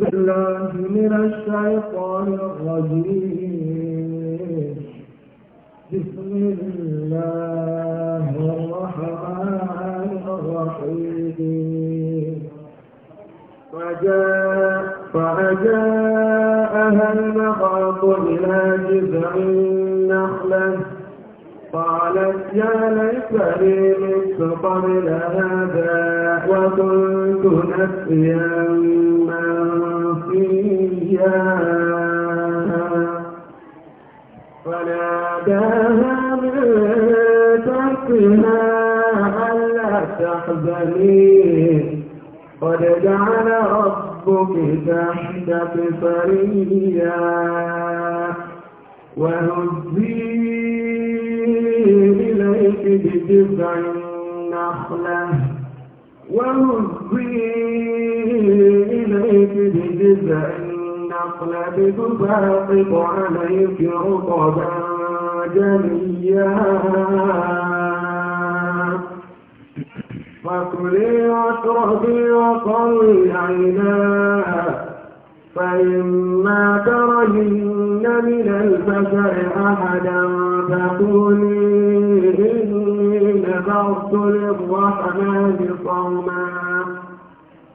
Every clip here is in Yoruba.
بالله من الشيطان الرجيم بسم الله الرحمن الرحيم فجاء فأجاءها المخاط إلى جذع النخلة قالت يا ليت لي مت قبل هذا وكنت نسيا فريا وهزي إليك بجذع النخلة وهزي إليك بجذع النخلة تساقط عليك رطبا جنيا فكلي واشربي وطلعي عيناك فإما ترين من البشر أحدا فقولي إني نذرت للرحمن صوما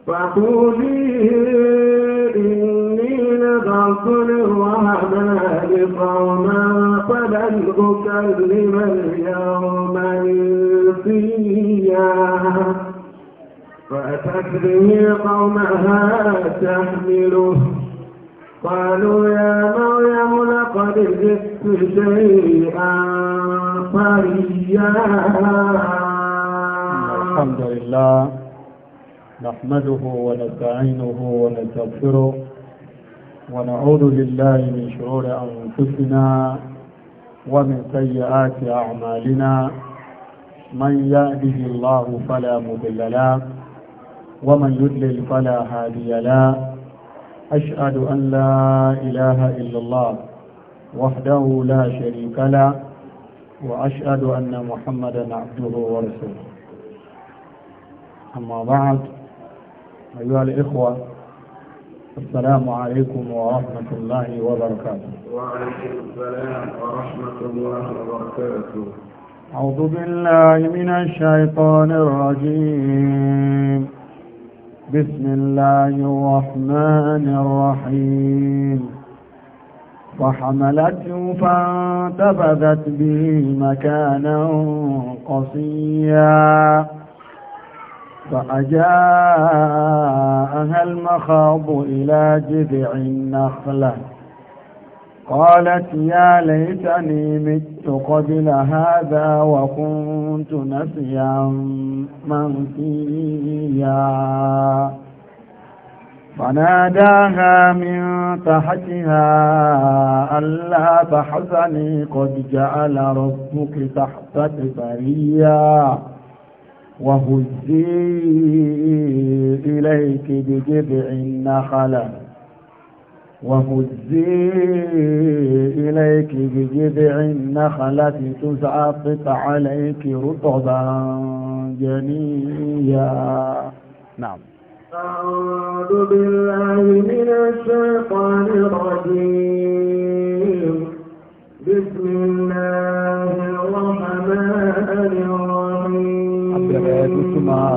فقولي إني نذرت للرحمن صوما فلن أكلم اليوم إنسيا فأتت به قومها تحمله قالوا يا مريم لقد جئت شيئا فريا الحمد لله نحمده ونستعينه ونستغفره ونعوذ بالله من شرور أنفسنا ومن سيئات أعمالنا من يهده الله فلا مضل له ومن يدلل فلا هادي له أشهد أن لا إله إلا الله وحده لا شريك له وأشهد أن محمدا عبده ورسوله أما بعد أيها الإخوة السلام عليكم ورحمة الله وبركاته وعليكم السلام ورحمة الله وبركاته أعوذ بالله من الشيطان الرجيم بسم الله الرحمن الرحيم فحملته فانتبذت به مكانا قصيا فأجاءها المخاض إلى جذع النخلة قالت يا ليتني مت قبل هذا وكنت نسيا منسيا فناداها من تحتها ألا تحزني قد جعل ربك تحتك بريا وهزي إليك بجذع النخله وهزي إليك بجذع النخلة تسعطط عليك رطبا جنيا نعم أعوذ بالله من الشيطان الرجيم بسم الله الرحمن الرحيم أبدا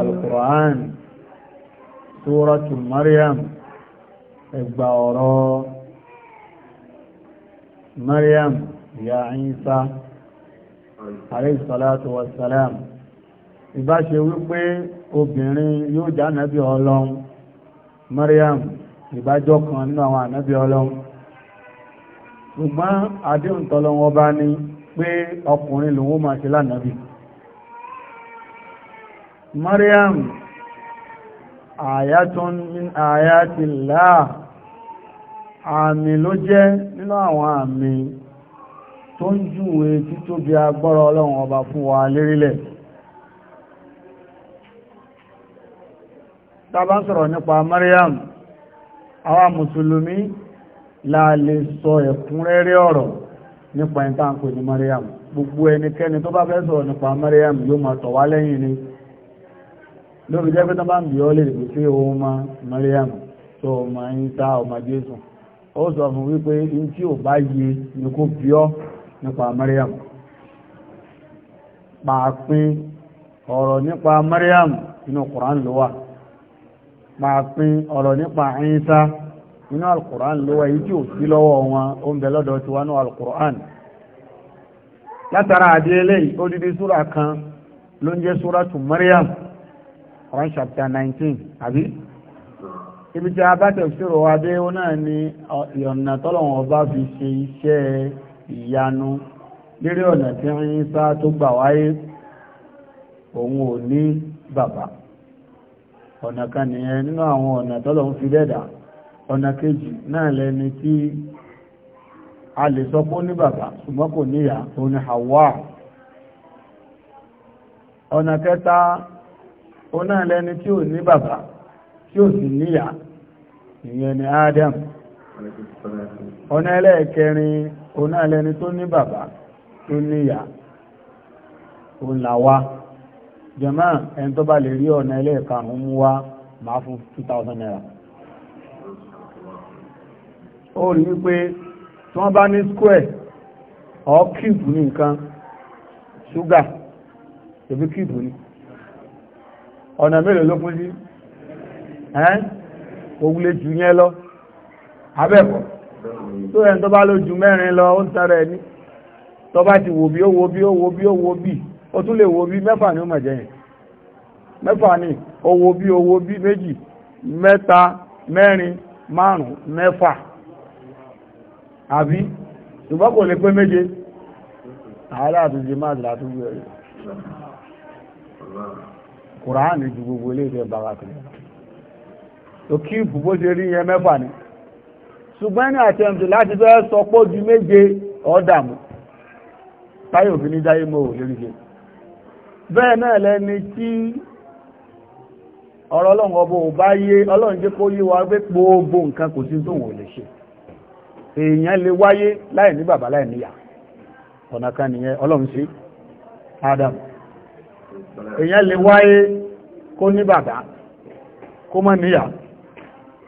القرآن سورة مريم ẹgbà ọ̀rọ̀ mariam ya Ìsá àríṣàlátù wasalam ìbá wípé obìnrin yóò já nábí ọlọ́run Maryam ìbájọ́ kan nínú àwọn ànábí ọlọ́run ṣùgbọ́n bá ní pé ọkùnrin lòun máa ṣe lánàbí mariam àmì ló jẹ́ nínú àwọn àmì tó ń júwe títóbi agbára ọlọ́run ọba fún wa lérílẹ̀ tàbá sọ̀rọ̀ nípa Maryam àwa mùsùlùmí la lè sọ ẹ̀kúnrẹ́rẹ́ ọ̀rọ̀ nípa ìtànkò ní Maryam gbogbo ẹnikẹ́ni tó bá fẹ́ sọ̀rọ̀ nípa Maryam yóò máa tọ̀ wá lẹ́yìn ni lórí jẹ́ pé tán bá ń bí ọ́ lè rí pé ma Maryam tó ọmọ yín sá ọmọ Jésù ó sọ fún wípé in tí ò bá yé ní kó bí ọ́ nípa Mariam pàápín ọ̀rọ̀ nípa Mariam inú Kùrán ló wà pàápín ọ̀rọ̀ nípa Ìsá inú Al-Kùrán ló wà yìí tí ò sí lọ́wọ́ wọn ó ń bẹ lọ́dọ̀ tiwa ní Al-Kùrán látara àdí eléyìí odidi súra kan ló ń jẹ́ súra tù Mariam Quran chapter 19 àbí ibi tí a bá tẹ̀ ṣòro wa dé ó náà ni ọ̀nà tọ́lọ̀wọ̀n ọba fi ṣe iṣẹ́ ìyanu lérí ọ̀nà tí ń sá tó gbà wáyé òun ò ní bàbá ọ̀nà kan nìyẹn nínú àwọn ọ̀nà tọ́lọ̀wọ̀n fi dẹ́dà ọ̀nà kejì náà lẹni tí a lè sọ pé ní bàbá ṣùgbọ́n níyà tó Hawa ọ̀nà kẹta ó náà lẹni tí ò ní bàbá tí ó sì níyà ìyẹn ni Adam ọ̀nà ẹlẹ́ẹ̀kẹrin ọ̀nà ẹlẹ́ni tó ní bàbá tó níyà òun là wá jàmá ẹni tó bá lè rí ọ̀nà ẹlẹ́ẹ̀karùn-ún wá máa fún 2000 naira ó rí wípé tí wọ́n bá ní square ọ̀ kíìpù ní nǹkan ṣúgà tẹ̀bí kíìpù ní ọ̀nà mélòó ló sí ẹ́n òun lè jù lọ abẹ́bọ̀ tó ẹ̀ tó bá ló ju mẹ́rin lọ ó ń tẹ́rẹ ní tó bá ti wò bí ó wò bí ó wò bí ó wò bí ó tún lè wò bí mẹ́fà ní jẹyìn mẹ́fà ní bí bí méjì mẹ́ta mẹ́rin márùn mẹ́fà àbí ṣùgbọ́n kò lè òkí ìbùbó ṣe rí yẹn mẹ́fà ni ṣùgbọ́n ní àtẹ̀mtì láti fẹ́ sọ pé ju méje ọ̀dàmù táyé òfin ní dáyé mọ́ òlérí ṣe bẹ́ẹ̀ náà lẹ́ni tí ọ̀rọ̀ ọlọ́run ọbọ̀ ò bá yé ọlọ́run jẹ́ kó wa pé gbogbo nǹkan kò sí tóun ò lè ṣe èèyàn lè wáyé láì ní bàbá láì níyà ọ̀nà kan nìyẹn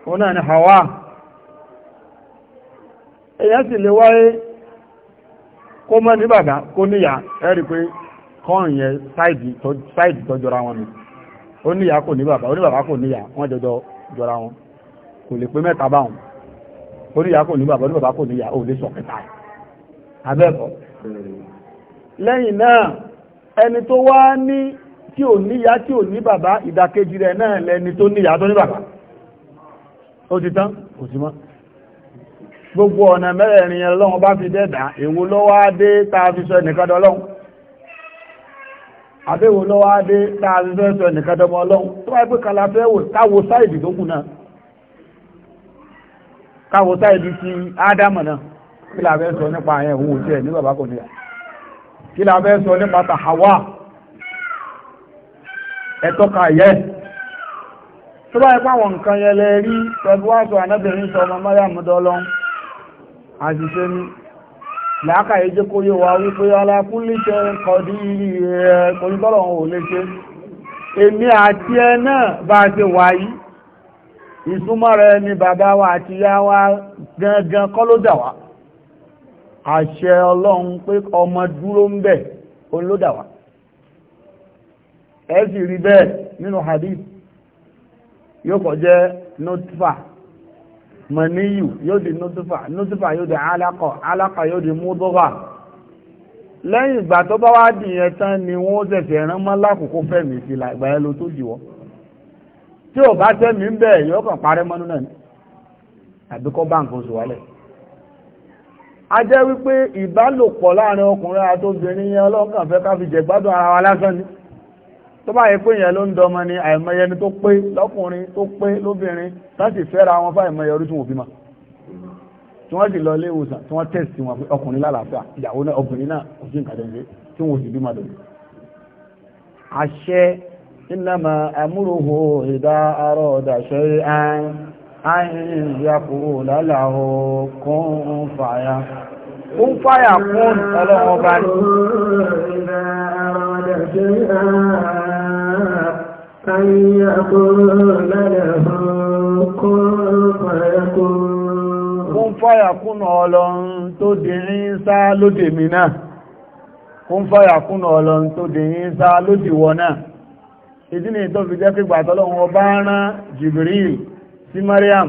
òun náà ni hawa èyàn sì lè wáyé kó mọ́ ní bàbá kó níyà ẹ̀rí pé kọ́ọ̀n yẹn sáìdì tó jọra wọn ni ó níyà kò ní bàbá ó kò níyà wọ́n jọjọ jọra wọn kò lè pé mẹ́ta báwọn ó níyà kò ní bàbá ó kò níyà ó lè sọ kẹta abẹ́kọ̀ lẹ́yìn náà ẹni tó wá ní tí ò níyà tí ò ní bàbá ìdàkejì rẹ̀ náà lẹni tó níyà tó ní ó ti tán kò sí mọ́ gbogbo ọ̀nà mẹ́rẹ̀ẹ̀rin yẹn lọ́wọ́ bá fi dẹ́dà èwo ló wá dé táa fi sọ ẹnìkan dọ́lọ́hun àbẹ́wò ló wá dé táa fi sọ ẹnìkan dọ́mọ ọlọ́hun tó wáyé pé kalafẹ́ wò la fẹ́ sọ nípa àyẹ̀ òun òtí ẹ̀tọ́ka yẹ́ tó bá ipá wọn nǹkan yẹlẹ rí pẹ̀lúwàtò ànábìnrin sọ ọmọ mọ́yà mọ́dọ́lọ́n àṣìṣe ní láàkà ìjẹ́ kó yé wa wípé alákúnlẹ́ṣẹ́ kọ̀dí ẹ̀kọ̀lúbọ́lọ̀ ò léṣe èmi àti ẹ ni bàbá wa àti yá wa gangan kọ́ ló dà wá àṣẹ ọlọ́run pé ọmọ hadith yóò kọ jẹ́ nutfa maniyu yóò di nutfa nutfa yóò di alakọ̀ alakọ̀ yóò di mudugha lẹ́yìn ìgbà tó bá wá dì yẹn tán ni wọ́n ṣẹ̀ṣẹ̀ rán mọ́ lákòókò fẹ̀mí sí la ìgbà yẹn ló tó jìwọ́ tí ò bá tẹ́mi ń bẹ̀ yóò kàn parẹ́ mọ́nú náà ni àbí kọ́ bá nǹkan oṣù a jẹ́ wípé ìbálòpọ̀ láàrin ọkùnrin àtobìnrin yẹn ọlọ́kàn fẹ́ ká fi jẹ̀gbádùn ara wa lásán ni tó bá yẹ pé èèyàn ló ń dọmọ ni àìmọye ẹni tó pé lọ́kùnrin tó pé lóbìnrin láti fẹ́ra wọn fún àìmọye ọdún tí wọ́n fi mọ̀ tí wọ́n sì lọ ilé ìwòsàn tí wọ́n tẹ̀sì wọn fún ọkùnrin lálàáfíà ìyàwó náà obìnrin náà kò sí nǹkan tẹ̀sí tí wọ́n sì bímọ lòdì. àṣẹ ìlànà àmúròhò ìdá arọ ọ̀dàṣẹ́ àìn àìn ìyàkó lálàó kún fàyà ń fàyà fún ọlọ́run ọba ni. Kún fàyà kúnnà ọlọ́run tó dì ní sá lóde mi náà. Kún fàyà kúnnà ọlọ́run tó dì ní sá lóde wọ náà. Ìdí ni tó fi jẹ́ pé gbàtọ́lọ́run rán Jibril sí Mariam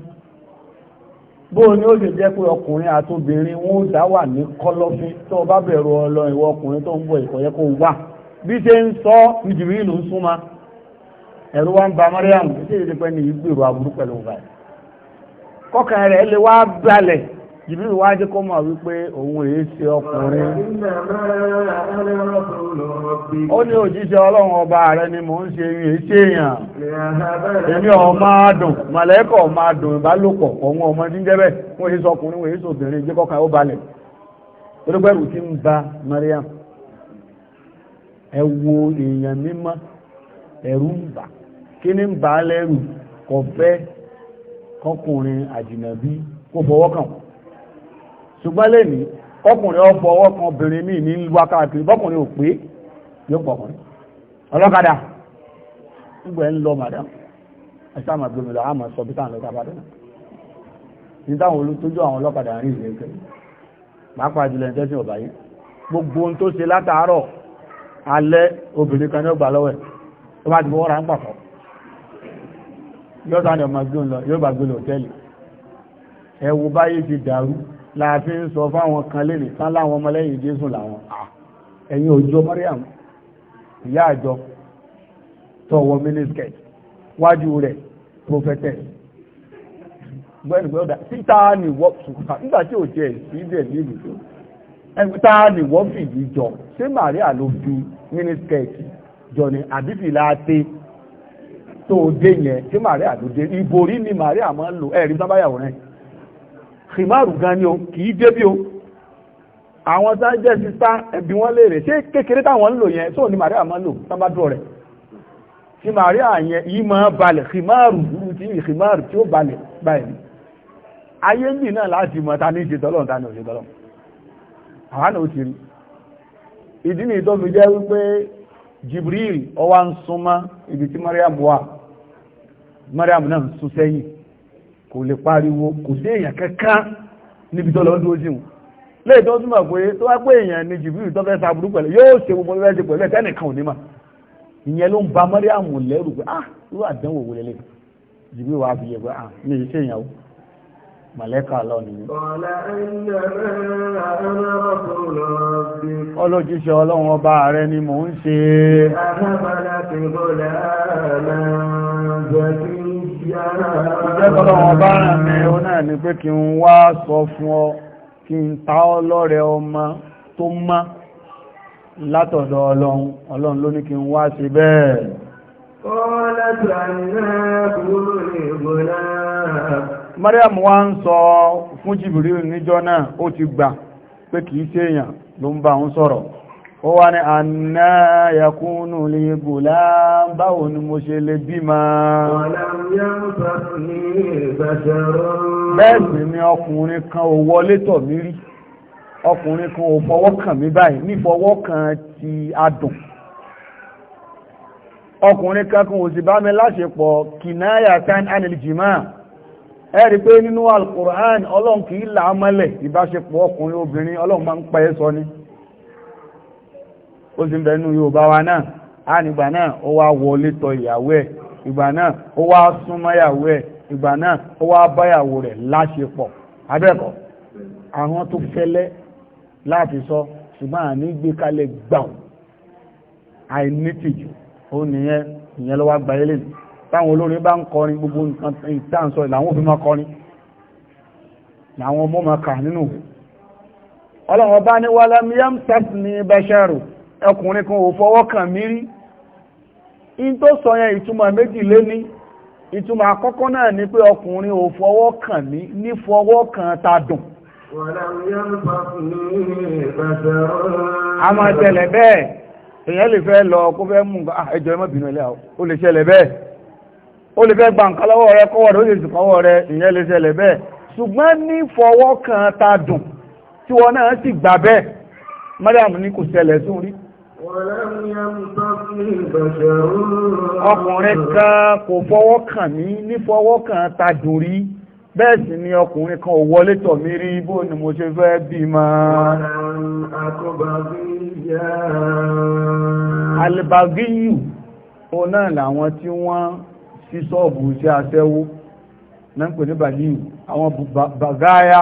bó ni ó lè jẹ́ pé ọkùnrin àtobìnrin wọn ó dá wà ní kọ́lọ́fín tó bá bẹ̀rọ ọlọ ìwọ ọkùnrin tó ń bọ̀ ìkọ̀yẹ́ kó wà bí ṣe ń sọ ìjìbí ìlú ń wa ń ba Mariam ṣe ìdípẹ́ ní ìgbèrò pẹ̀lú ọ̀gá jìbìrì wá jẹ́ kó mọ̀ wípé òun èé ṣe ọkùnrin ó ní òjíṣẹ́ ọlọ́run ọba rẹ ni mò ń ṣe èyí èé ṣe èèyàn èmi ọmọ adùn mọ̀lẹ́kọ̀ ọmọ adùn ìbálòpọ̀ ọ̀hun ọmọ tí ń èé sọkùnrin èé sọbìnrin jẹ́ kọ́ka ó balẹ̀ torípẹ́rù tí ń ba Mariam ẹ wo èèyàn mímọ́ ń bà kí ń bà á lẹ́rù kọkùnrin ṣùgbọ́n lẹ́ni ọkùnrin ọ̀pọ̀ ọwọ́ kan obìnrin míì ní wákàtí bọ́kùnrin ò pé yóò pọ̀kùnrin ọlọ́kadà nígbà ń lọ màdá ẹ̀sá àmà gbẹ̀mí lọ àmà sọ bíkà lọ́kà bá dáná ní táwọn olótójú àwọn ọlọ́kadà rí ìrìn ẹ̀kẹ́ pàápàá jùlọ ẹ̀ńtẹ́ sí ọ̀bà yìí gbogbo ohun tó ṣe látàárọ̀ alẹ́ obìnrin kan ní ọgbà lọ́wẹ̀ tó ọmọ gbé lọ yóò gbàgbé lọ hòtẹ́ẹ̀lì ẹ báyé ti dàrú láti ń sọ fáwọn kan lè nìkan láwọn ọmọlẹ́yìn Jésù làwọn ẹ̀yin òjò Mariam ìyá àjọ tọwọ miniskirt wájú rẹ̀ prophetess gbẹ́nugbẹ́ọ̀dà títà ní wọ́pùsùkà nígbàtí tó Maria ló fi miniskirt jọ ni àbífì dé yẹn ṣé Maria ló dé ìborí ni Maria máa ń lò ẹ̀rí sábáyàwó rẹ̀ ṣìmáàrù gan ni o kìí débí o àwọn tá jẹ́ sísá ẹ̀bí wọ́n lè rẹ̀ ṣé kékeré táwọn ń lò yẹn tó ní Màríà máa ń lò tán bá dúró rẹ̀ tí Màríà yẹn yìí máa balẹ̀ ṣìmáàrù burú tí ṣìmáàrù tí ó balẹ̀ báyìí ayé ń bì náà láti mọ̀ ta ní ìṣètọ́lọ́n ta ní òṣètọ́lọ́n àwọn náà ó ti rí ìdí ni ìtọ́fi jẹ́ wípé Jibril ó ń súnmọ́ ibi tí Màríà wà Màríà náà sún sẹ́yìn kò lè pariwo kò sí èèyàn kankan níbi tó lọ dúró sí wọn lẹ́yìn tó túnmọ̀ pé tó wá pé èèyàn ni jìbìrì tó fẹ́ sàbúrú pẹ̀lú yóò ṣe gbogbo ẹgbẹ́ ṣe pẹ̀lú ẹ̀tẹ́nìkan ò ní mà ìyẹn ló ń ba mọ́ríàmù lẹ́rù pé ah irú àdánwò wò lélẹ̀ jìbìrì wà á fi yẹ pé ah mi ì ṣe ìyàwó màlẹ́kà lọ nìyí. ọlójíṣẹ́ ọlọ́run ọba rẹ ni mò ń ṣe. àbábalá ti bọ́lá máa ń ìjẹ́kọ́lọ́ wọn bá rẹ̀ ni pé kí n wá sọ fún ọ ọmọ tó má látọ̀dọ̀ ọlọ́run ọlọ́run ló ní kí n wá sí bẹ́ẹ̀ Mariam wá ń sọ fún Jibril níjọ́ náà ó ti gbà pé kìí ṣe èèyàn ló ń bá ń sọ̀rọ̀. ó wá ní àná yakúnù lè gùlá báwo ni mo ṣe lè bímọ bẹ́ẹ̀sì ni ọkùnrin kan ò wọlé tọ̀ mí rí ọkùnrin kan ò fọwọ́ kàn mí báyìí nífọwọ́ kan ti adùn ọkùnrin kankan ò sì bá mi láṣepọ̀ kìnnáyà kan anìlìjìmá ẹ̀rí pé nínú Al-Qur'an ọlọ́run kìí là á mọ́lẹ̀ ìbáṣepọ̀ ọkùnrin obìnrin ọlọ́run máa ń pa ẹ́ sọ ni. ó sì ń bẹ nínú Yorùbá wa náà á nígbà náà ó wá wọlé tọ ìyàwó ẹ̀ ìgbà náà ó wá súnmọ́ ìyàwó ẹ̀ ìgbà náà ó wá báyàwó rẹ̀ láṣepọ̀ abẹ́ẹ̀kọ́ àwọn tó fẹ́lẹ́ láti sọ ṣùgbọ́n àní gbé kalẹ̀ gbàùn àìnítìjú ó nìyẹn ìyẹn ló wá gba táwọn olórin bá ń kọrin gbogbo nǹkan ìtànsọ ìlàwọn òfin máa kọrin làwọn ọmọ máa kà nínú ọlọ́run bá ní wàlámiyàm tàbí ní bẹ́ṣẹ́rù ọkùnrin kan ò fọwọ́ kàn mí rí in tó sọ yẹn ìtumọ̀ méjì lé ní ìtumọ̀ àkọ́kọ́ náà ni pé ọkùnrin ò fọwọ́ kàn mí ní fọwọ́ kan ta dùn a máa tẹ̀lẹ̀ bẹ́ẹ̀ èyàn lè fẹ́ lọ kó fẹ́ mú ah, ẹjọ́ ẹmọ́ bínú ilẹ̀ ó lè ṣẹlẹ̀ bẹ́ẹ̀ ó lè fẹ́ gba nǹkan lọ́wọ́ rẹ kọ́wọ́ rẹ ó lè sì rẹ ìyẹn lè ṣẹlẹ̀ bẹ́ẹ̀ ṣùgbọ́n ní fọwọ́ kan ta dùn tí wọn náà sì gbà bẹ́ẹ̀ mọ́dàmù ní kò ṣẹlẹ̀ sórí ọkùnrin kan kò fọwọ́ kàn mí ní fọwọ́ kàn ta bẹ́ẹ̀ sì ni ọkùnrin kan ò wọlé tọ̀ rí bó ni mo ṣe fẹ́ bímọ alìbàgíyù o náà làwọn tí wọ́n sí sọ́ọ̀bù sí aṣẹ́wó náà ń pè ní bàgíyù àwọn bàgáyá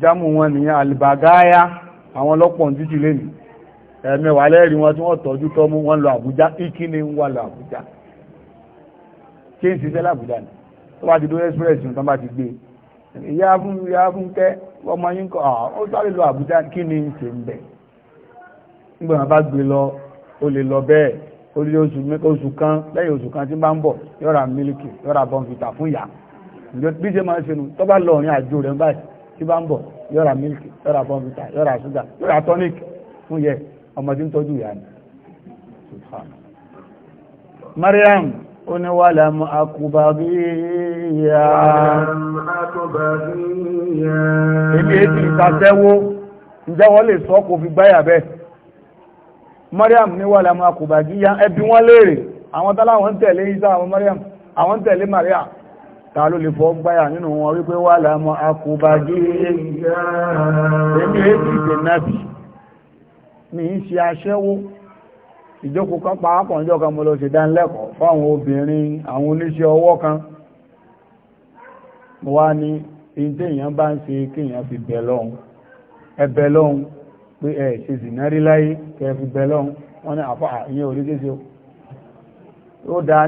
jámù wọn nìyàn alìbàgáyá àwọn lọ́pọ̀ ń jíjì lénìí ẹ̀mẹ́wàá lẹ́rìí wọn tí wọ́n tọ́jú tọ́ mú wọn lọ àbújá ikí ni wọ́n lọ àbújá kí n ṣiṣẹ́ lábújá ni tó bá ti dó express ní tán bá ti gbé ìyá fún ìyá fún kẹ́ ọmọ yín kọ́ ah, ó sáré lọ àbújá kí ni ń ṣe ń bẹ̀ nígbà wọn bá gbé lọ ó lè lọ bẹ́ẹ̀ ó lé oṣù kan lẹ́yìn oṣù kan tí bá ń bọ̀ yọ́ra mílíkì yọ́ra bọ́ǹfìtà fún ìyá bí ṣe máa ń ṣe nu tó bá lọ ọ̀rìn àjò rẹ̀ báyìí tí bá ń bọ̀ yọ́ra mílíkì yọ́ra bọ́ǹfìtà yọ́ra ṣúgà yọ́ra tonic fún yẹ ọmọ tí ń tọ́jú ìyá ni Mariam ó ní wà lámú akúbàbí ìyá ibi ètì ìtàṣẹ́wó ìjẹ́wọ́ lè sọ kò fi gbáyà bẹ́ Mariam ní wà lámú akúbàbí ẹbí wọ́n léèrè àwọn tàláwọn tẹ̀lé Isa àwọn Mariam àwọn tẹ̀lé Mariam ta ló lè fọ́ gbáyà nínú wọn wípé wà lámú akúbàbí mi ń ṣe aṣẹ́wó ìjókòó kan pàápọ̀ ìjọ kan mo lọ ṣe dánilẹ́kọ̀ọ́ fáwọn obìnrin àwọn oníṣẹ́ ọwọ́ kan mo wá ní ìdí èèyàn bá ń ṣe kí èèyàn fi bẹ̀ lọ́hun ẹbẹ̀ lọ́hun pé ẹ ṣe zìnà rí láyé kẹ fi bẹ̀ lọ́hun wọ́n ní àfọ́ àyẹ́ orí ṣe ṣe ó dá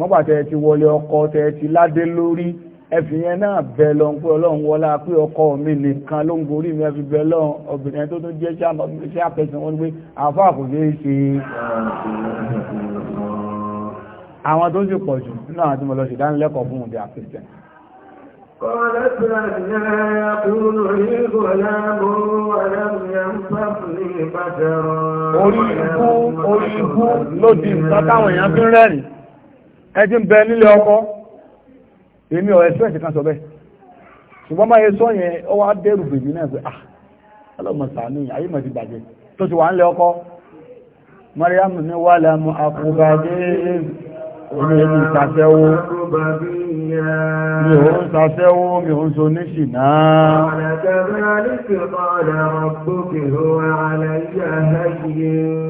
mọ́gbà tẹ́ ti wọlé ọkọ tẹ́ ti ládé lórí ẹfìyẹn náà bẹ lọ pé ọlọ́run wọlá pé ọkọ mi nìkan ló ń gorí mi ẹfi bẹ lọ obìnrin tó tó jẹ́ iṣẹ́ àpẹsàn wọn pé àfa kò ṣe àwọn tó sì pọ̀ jù nínú àwọn tí mo lọ ṣèdánilẹ́kọ̀ọ́ fún òde àpẹsàn orí ikú orí nǹkan táwọn èèyàn fi rẹ́rìn ẹjí ń bẹ nílé ọkọ èmi ọ̀ ẹ̀sọ́ ẹ̀sìn kan sọ bẹ́ẹ̀ ṣùgbọ́n máa yẹ sọ yẹn ó wá dẹ́rù bèbí náà pé ah ọlọ́mọ sàánú ayé mọ̀ ti bàjẹ́ tó ti wà ń ọkọ mi ò ń sàṣẹ́wó mi ò ń sàṣẹ́wó mi ò ń so ní ṣìná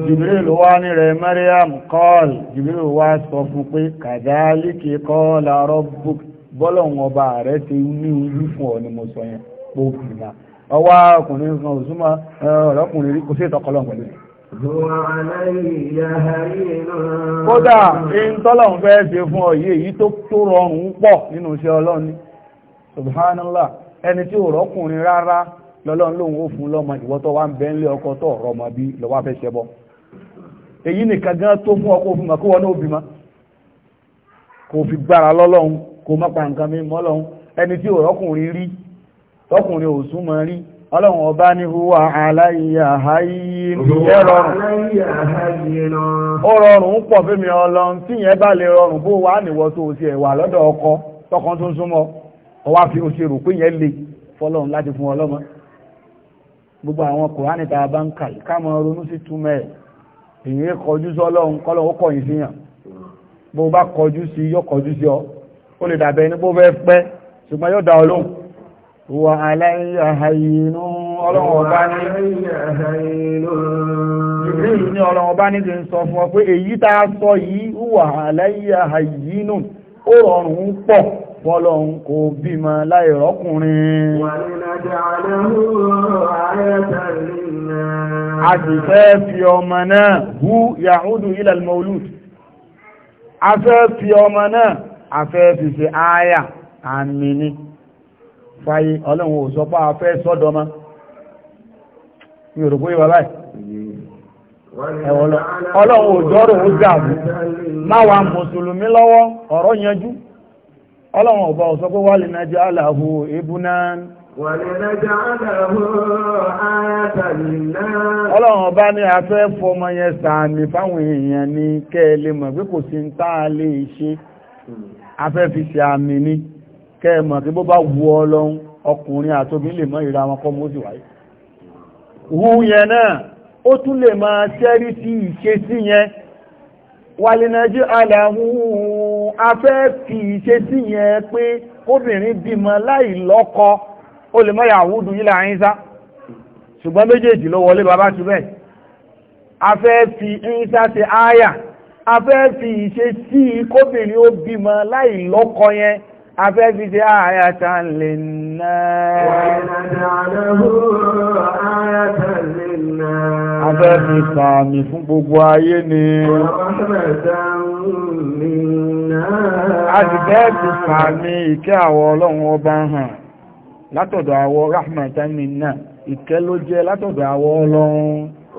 Jibril wá ní rẹ̀ Maryam kọ́l Jibril wá sọ fún pé kàdálíkì kọ́ làárọ̀ bọ́lọ̀wọ̀n ọba rẹ̀ ti ní ojú fún ọ ni mo sọ yẹn gbogbo ìgbà ọwá ọkùnrin kan ọ̀rọ̀kùnrin kò sí ìtọ́kọlọ́ pẹ̀lú kódà in tọ́lọ̀un fẹ́ ṣe fún ọ̀yí èyí tó tó rọrùn pọ̀ nínú iṣẹ́ ọlọ́run ni subhanallah ẹni tí ò rọ́kùnrin rárá lọ́lọ́run lóhun ó fún lọ́mọ ìwọ tó wá ń bẹ nílé ọkọ tó ọ̀rọ̀ ọmọ bí ló wá fẹ́ ṣẹbọ èyí nìkan gan tó fún ọkọ òfin mọ̀kó wọn ó bímọ kò fi gbára lọ́lọ́run kò mọ́pa nǹkan mi mọ́lọ́run ẹni tí ò rọ́kùnrin rí tọkùnrin ò súnmọ́ rí ọlọ́run ọba ní huwa aláyà hayín ó rọrùn pọ̀ fẹ́mi ọlọ́run tí yẹn bá lè rọrùn bó wà níwọ́ tó ti ẹ̀wà lọ́dọ̀ ọkọ tọkàn tó súnmọ́ ọwá fi oṣù rò pé yẹn le fọlọ́run láti fún ọlọ́mọ gbogbo àwọn kòránì tá bá ń kà káàmọ ronú sí túmọ̀ èyí kọjú sọ́lọ́run kọ́lọ́ ó kọ̀yìn sí yàn bó bá kọjú sí yóò kọjú sí ọ ó lè dàbẹ̀ ní bó fẹ́ pẹ́ ṣùgbọ́n yóò dá ọ wà aláìyà àyínú ọlọ́wọ̀n bá ní ìrìn ní ọlọ́wọ̀n bá ní ti ń sọ fún ọ pé èyí tá a sọ yìí wà aláìyà àyínú ó rọrùn pọ̀ fọ́lọ́hun kò bímọ láìrọ́kùnrin a sì fẹ́ fi ọmọ náà hú yahudu ilal a fẹ́ fi ọmọ náà a fẹ́ fi ṣe aya àmì ni fáyé ọlọ́run ò sọ pá afẹ́ sọ́dọ́má mi òrògbó ìwà báyìí ọlọ́run ò dọ́rọ̀ ó dàbí máwa mùsùlùmí lọ́wọ́ ọ̀rọ̀ yanjú ọlọ́run ọba ò sọ pé wà lè nájá aláhù ibùná ọlọ́run ọba ní afẹ́ fọmọ sàmì fáwọn èèyàn ní kẹ́ẹ̀lẹ́ pé kò sí ń tá lè ṣe afẹ́ fi ṣe àmì ni kẹ́ẹ̀mọ̀ tí bó bá wù ọ lọ́hun ọkùnrin àtóbi lè mọ́ ìra wọn kọ́ mọ́ sí wáyé hun yẹn náà ó tún lè máa ṣẹ́rí sí ìṣe sí yẹn wàlìnàjú aláhùn afẹ́ fi ìṣe sí yẹn pé kóbìnrin bímọ láì lọ́kọ afẹ́ fi ìṣe sí kóbìnrin ó bímọ láì lọ́kọ yẹn afẹ́ fi ṣe ayatan linnas afẹ́ fi sàmì fún gbogbo ayé ni a fi sàmì ìkẹ́ àwọ ọlọ́run ọba hàn látọ̀dọ̀ àwọ rahmatan minna ìkẹ́ ló jẹ́ látọ̀dọ̀ àwọ ọlọ́run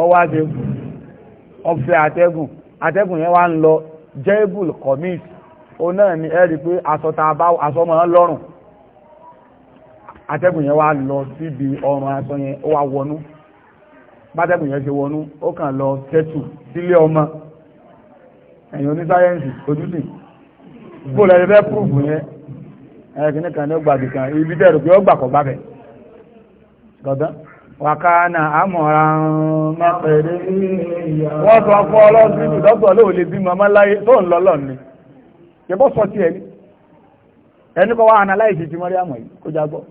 ọwọ́ àtẹ̀gùn ọ̀fẹ́ àtẹ̀gùn àtẹ̀gùn yẹn wá ń lọ jẹ́bùl kọ̀míìsì ó náà ni ẹ rí pé asọ́mọ̀ lọ́rùn àtẹ́gùn yẹn wá lọ síbi ọrùn aṣọ yẹn ó wá wọnú bátẹ́gùn yẹn ṣe wọnú ó kàn lọ tẹ́tù sílé ọmọ ẹ̀yìn onísáyẹ́ǹsì ojúsì bó lẹ́yìn fẹ́ púrùfù yẹn ẹ̀kìnní kan ní ó gbàgbé kan ibi tẹ́rù pé ó gbàkọ̀ gbàbẹ̀ gọ̀dán wàkánà àmọ̀ra mọ́pẹ̀lẹ́ wọ́n sọ fún ọlọ́sìn ìdọ́gbọ̀ ló lè bí mọ́mọ́ láyé tó ń lọ́lọ́ sọ tí ẹni ẹni kọ́ wá analyze ti mọ́rí àmọ̀ yìí kó jágbọ́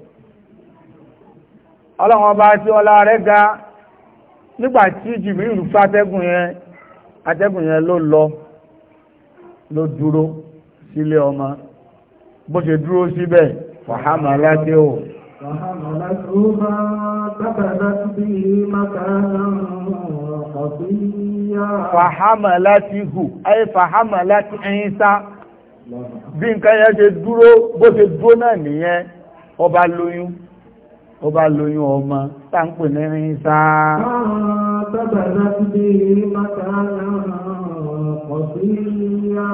ọlọ́run ọba tí ọlá rẹ̀ ga nígbà tí atẹ́gùn فحملته فانتبذت به مكانا قصيا فحملته أي فحملت عيسى bí nǹkan yẹn ṣe dúró bó ṣe dúró náà nìyẹn ọba lóyún ọba lóyún ọmọ táǹpù ní sáà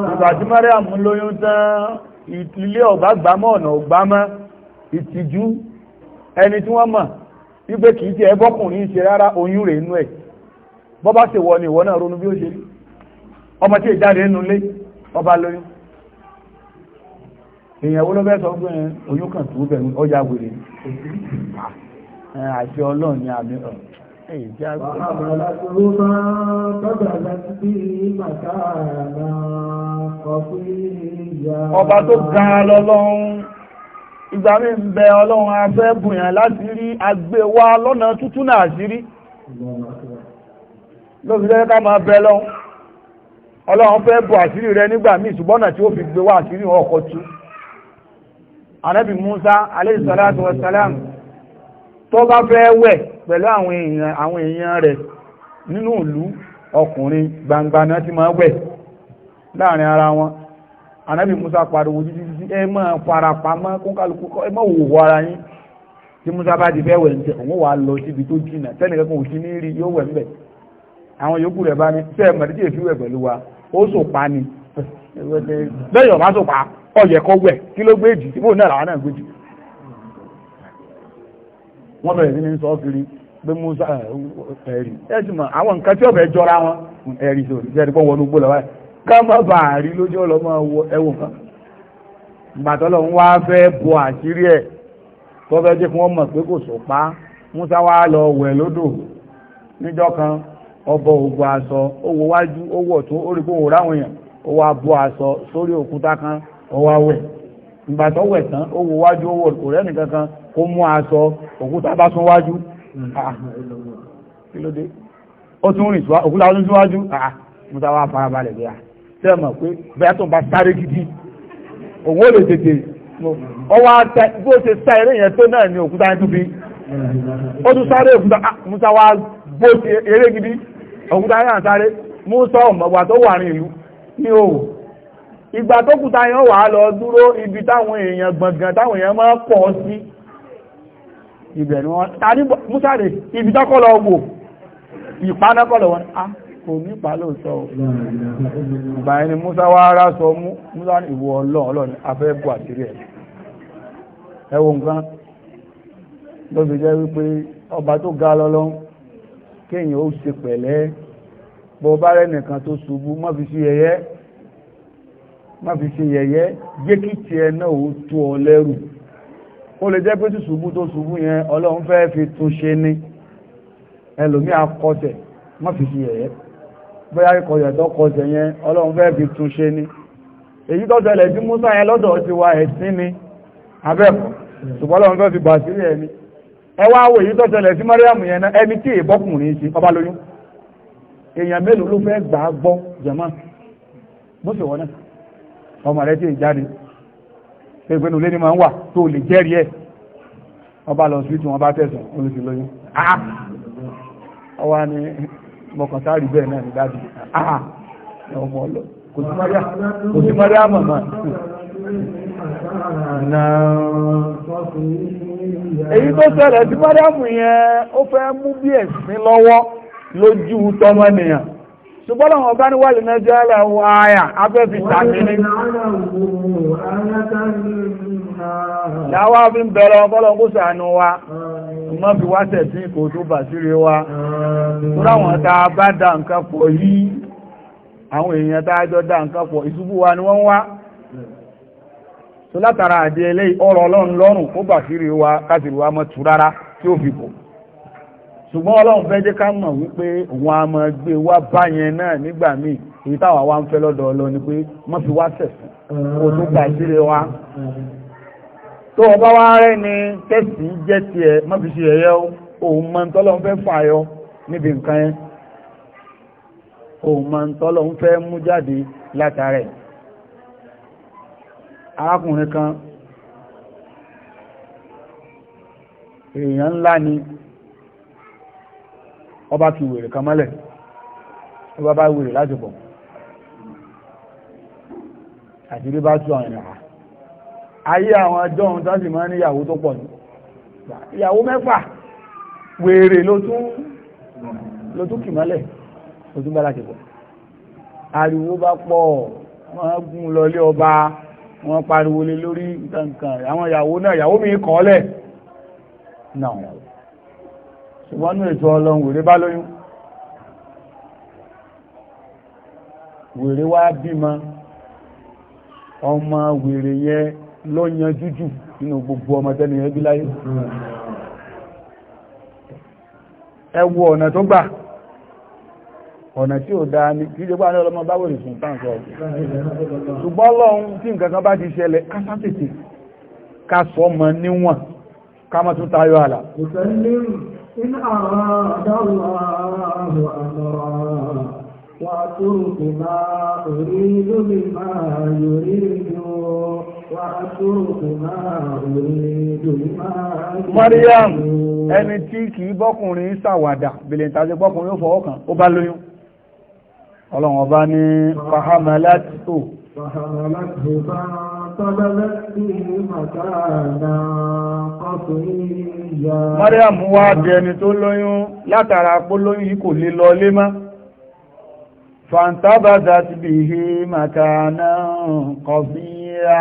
ìgbà Mariam lóyún tán ilé ọ̀gbá ọ̀nà ọ̀gbámọ́ ìtìjú ẹni tí wọ́n mọ̀ wípé kìí jẹ́ ẹbọ́kùnrin ṣe rárá oyún rẹ̀ inú ẹ̀ bọ́ bá ṣe wọ ni ìwọ náà ronú bí ó ṣe rí ọmọ tí ìjáde nínú ilé ọba lóyún èèyàn wo ló fẹ́ sọ pé oyún kan tó bẹ̀rù ọjà wèrè àti ọlọ́run ni àmì ọ̀ ọba tó ga lọ́lọ́run ìgbàmí ń bẹ ọlọ́run afẹ́ bùyàn láti rí agbé wa lọ́nà tútù náà sí rí lóòfíjẹ́ ká máa bẹ lọ́run ọlọ́run fẹ́ bù àṣírí rẹ nígbà míì ṣùgbọ́nà tí ó fi gbé wá àṣírí ọkọ̀ tú anábì Musa alayhi salatu wassalam tó bá fẹ́ wẹ̀ pẹ̀lú àwọn èèyàn rẹ̀ nínú ìlú ọkùnrin gbangba náà ti máa wẹ̀ láàrin ara wọn anábì musa pariwo títí títí ẹ máa fara pamọ́ kó kálukú kọ́ ẹ máa wò wọ ara yín tí musa bá di fẹ́ wẹ̀ ń tẹ òun wà á lọ síbi tó jìnnà tẹ́nìkan kò sí ní rí yóò wẹ̀ ń bẹ̀ àwọn yòókù rẹ̀ bá ní ṣe é mọ̀tí tí èfi wẹ̀ pẹ̀lú wa ó sòpa ni bẹ́ẹ̀ yọ̀ bá sòpa ọ̀yẹ̀ kọ́ wẹ̀ kí ló gbé jì síbò náà làwọn náà gbé jì wọ́n bẹ̀rẹ̀ sí ní sọ kiri pé musa ẹ̀rí ẹ̀sìn mọ̀ àwọn nǹkan tí ọ̀bẹ jọra wọn ẹ̀rí sọ̀rọ̀ ká má rí lójú ọlọ́mọ ẹwọ̀n kan gbàtọ́lọ̀ ń wá fẹ́ bọ àṣírí ẹ̀ tọ́fẹ́ jẹ́ kí wọ́n pé kò sọ̀pá Musa wá lọ wẹ̀ lódò níjọ́ kan ọbọ̀ ògùn aṣọ owó wájú owó ọ̀tún ó rí pé ráwọn èèyàn ó wá bọ aṣọ sórí òkúta kan ó wá wẹ̀ ìgbàtọ́ wẹ̀ tán owó wájú owó ọ̀rẹ́ nìkan kan kó mú aṣọ òkúta bá sún wájú hmm. ah, ó tún rìn òkúta tún síwájú ah, Musa wá farabalẹ̀ bí i ah, tẹ́ mọ̀ pé bẹ́ẹ̀ tó ń bá sáré gidi òun ò lè tètè ọwọ́ ata bó ṣe sá eré yẹn tó náà ni òkúta yẹn tó fi ó tún sáré òkúta ah, musa wa bó ṣe eré gidi òkúta yẹn sáré musa ọ̀mọ̀gbà tó wà ní ìlú ní òwò ìgbà tó kúta yẹn wà lọ dúró ibi táwọn èèyàn gbọ̀ngàn táwọn èèyàn máa pọ̀ sí ibẹ̀ ni wọ́n ta ní musa rè ibi tọ́kọ̀ lọ wò ìpanákọ̀ lọ wọn ah kò nípa lóòtọ́ ìgbà ẹni Musa wá ara sọ Musa ní ìwọ ọlọ́ọ̀lọ́ni afẹ́ bù àtírí ẹ̀ ẹwọ nǹkan ló fi jẹ́ wípé ọba tó ga lọ́lọ́ kéèyàn ó ṣe pẹ̀lẹ́ bọ́ bá rẹ̀ nìkan tó ṣubú má fi sí yẹ̀yẹ́ má fi sí yẹ̀yẹ́ jẹ́ kí tiẹ̀ náà ó tó ọ lẹ́rù ó lè jẹ́ pé tí ṣubú tó ṣubú yẹn Ọlọ́run fẹ́ fi tún ṣe ní ẹlòmí akọ́tẹ̀ má fi sí yẹ̀yẹ́ bóyá ikọ̀yẹ̀ tó kọsẹ̀ yẹn ọlọ́run fẹ́ fi tún ṣe ní èyí tó tẹ́lẹ̀ tí Músà yẹn lọ́dọ̀ ti wa ẹ̀sìn ni abẹ́kọ̀ ṣùgbọ́n ọlọ́run fẹ́ fi bà sí rẹ̀ ni ẹ wá wo èyí tó tẹ́lẹ̀ sí Mariam yẹn náà ẹni tí ìbọ́kùnrin sí ọba lóyún èèyàn mélòó ló fẹ́ gbà á gbọ́ jẹ̀mọ́ bó ṣe wọ́n náà ọmọ rẹ̀ tí ì jáde ẹgbẹ́nu lé ní máa ń wà tó lè jẹ́rìí ẹ̀ ọba lọ sí tí wọ́n bá tẹ̀sán olùsìlóyún ọwá ah! ni mọ̀kàn sáàrí bẹ́ẹ̀ náà ní dájú àà ọmọ ọlọ kò sí mọ́rí àmọ̀mọ́ èyí tó ṣẹlẹ̀ sí mọ́rí àmù yẹn ó fẹ́ mú bí ẹ̀sìn lọ́wọ́ lójú tọ́mọ́nìyàn ṣùgbọ́n àwọn ọba ní wàlì náà jẹ́ àwọn àyà afẹ́fì tàbílé láwá fi ń bẹ̀rẹ̀ ọgọ́lọ́ kó sàánú wa mọ́ fi wá tẹ̀sí kò tó bà síre wa tó ta bá dá nǹkan pọ̀ yìí àwọn èèyàn tá jọ dá nǹkan pọ̀ wa ni wọ́n wá tó látara àdí ẹlẹ́ ọ̀rọ̀ ọlọ́run wa wa mọ́ tú fi ṣùgbọ́n ọlọ́run fẹ́ jẹ́ ká mọ̀ wípé òun a máa gbé wá báyẹn náà nígbà míì èyí táwa wá ń fẹ́ lọ́dọ̀ ọlọ́ ni pé mọ́ fi wá sẹ̀sùn kò tó gbà síre wa tó ọba wá rẹ́ ni tẹ́sì jẹ́ tiẹ̀ mọ́ fi ṣe ẹ̀yẹ́ òun mọ́ ń tọ́lọ́run fẹ́ fà yọ níbi nǹkan yẹn òun mọ́ ń tọ́lọ́run fẹ́ mú jáde látàrẹ̀ arákùnrin kan èèyàn ńlá ni ọba ti wèrè kan mọ́lẹ̀ ọba bá wèrè láti bọ̀ àti rí bá tú àwọn ìrìnà ayé àwọn ẹjọ́ ohun tó sì máa ní ìyàwó tó pọ̀ ní ìyàwó mẹ́fà wèrè ló tún kì mọ́lẹ̀ ló tún bá láti bọ̀ ariwo bá pọ̀ wọ́n gún lọlé ọba wọ́n pariwo lé lórí nǹkan nǹkan àwọn ìyàwó náà ìyàwó mi kọ́ lẹ̀ náà ṣùgbọ́n ní ètò ọlọ́run wèrè bá lóyún wèrè wá bímọ ọmọ wèrè yẹn ló yan jújù nínú gbogbo ọmọ tẹ́ni ẹbí láyé ẹ wo ọ̀nà tó gbà ọ̀nà tí ò dáa ní kí jẹ́gbà ní ọlọ́mọ báwò ìsùn táǹkọ̀ ṣùgbọ́n lọ́hun tí nǹkan kan bá ti ṣẹlẹ̀ kásátètè ká sọ mọ níwọ̀n ká mọ́ tún tayọ àlà إن أراد الله أمرا وأترك ما أريد بما يريد وأترك ما أريد بما يريد Mariam ẹni tí kìí bọ́kùnrin ṣàwàdà bèlè bọ́kùnrin ó fọwọ́ kan ó bá lóyún ọlọ́run ọba ní fahamalatu fahamalatu bá Mariam wá di ẹni tó lóyún látara pó lóyún yìí kò lè lọ lé má. Fantabada ti bì hí màkàánà kọfíyà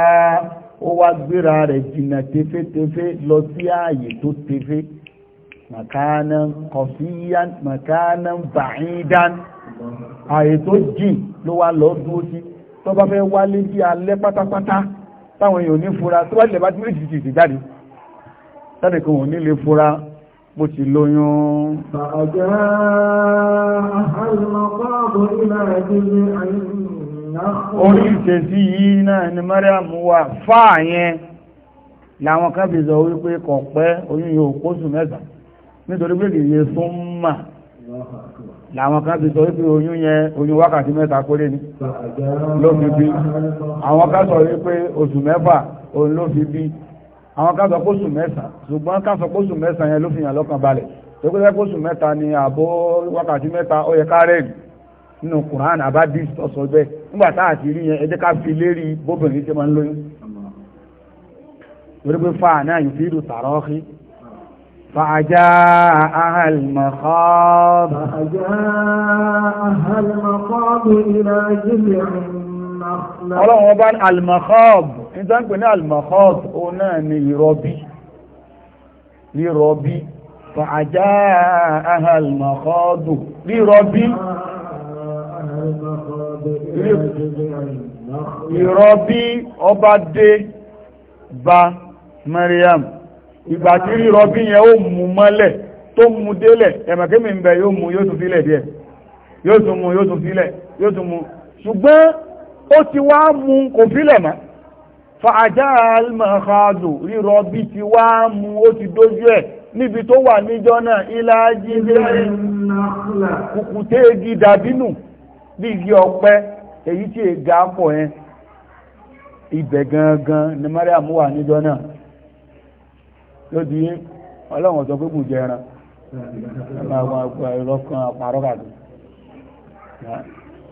ó wá gbéra rẹ̀ jìnà tefétefé lọ sí ààyè tó tefé. Màkàánà kọfíyà màkàánà bàídán ààyè tó jìn ló wá lọ dúó sí tó bá fẹ́ wálé bí alẹ́ pátápátá táwọn èèyàn ní fura tó wájìlẹ̀ bá tí méjì ti ti jáde jáde kan òní lè fura bó ti lóyún ọjọ́ orí ìtẹ̀sí yìí náà ni Mariam wà fáà yẹn làwọn kan fi sọ wípé kọ̀pẹ́ oyún yóò kóṣù mẹ́ta nítorí pé kìí yẹ súnmà làwọn kan ti sọ wípé oyún yẹn oyún wákàtí mẹ́ta kórè ní ló fi bí àwọn kan sọ wípé oṣù mẹ́fà òun ló fi bí àwọn kan sọ pósù mẹ́sàn ṣùgbọ́n kan sọ pósù mẹ́sàn yẹn ló fi hàn lọ́kàn balẹ̀ tó kó pósù mẹ́ta ni àbọ̀ wákàtí mẹ́ta ó yẹ kárẹ̀ nínú Quran abadis ọ̀sọ̀ bẹ́ẹ̀ nígbà tá àti rí yẹn ẹ jẹ́ ká fi lérí bóbìnrin tí máa ń lóyún torí pé fáà náà yìí fi rù tààrọ́ فعجاءها المخاض فعجاءها المخاض إلى جذع النخلة ọlọ́run ọba almakhab ìta ń pè ní almakhab o náà ni ìrọbí rírọbí فعجاءها المخاض rírọbí ìrọbí ọba dé bá Maryam ìgbà tí rírọ bí yẹn ó mú mọ́lẹ̀ tó mú délẹ̀ ẹ̀mọ̀kémi ń bẹ yóò mú yóò tún sílẹ̀ díẹ̀ yóò tún mú yóò tún sílẹ̀ yóò tún mú ṣùgbọ́n ó ti wá mú kò sílẹ̀ mọ́ fàájá almahadu rírọ bí ti wá mú ó ti dójú ẹ̀ níbi tó wà níjọ́ náà ìlàjì kùkùté igi dàbínù bí igi ọ̀pẹ èyí tí èga pọ̀ yẹn ibẹ̀ gangan ni Mariam wà níjọ́ náà ló di yé ọlọ́run sọ pé kò jẹ ẹran ẹgbà àwọn ìrọ́kan àpàrọ́ kàdù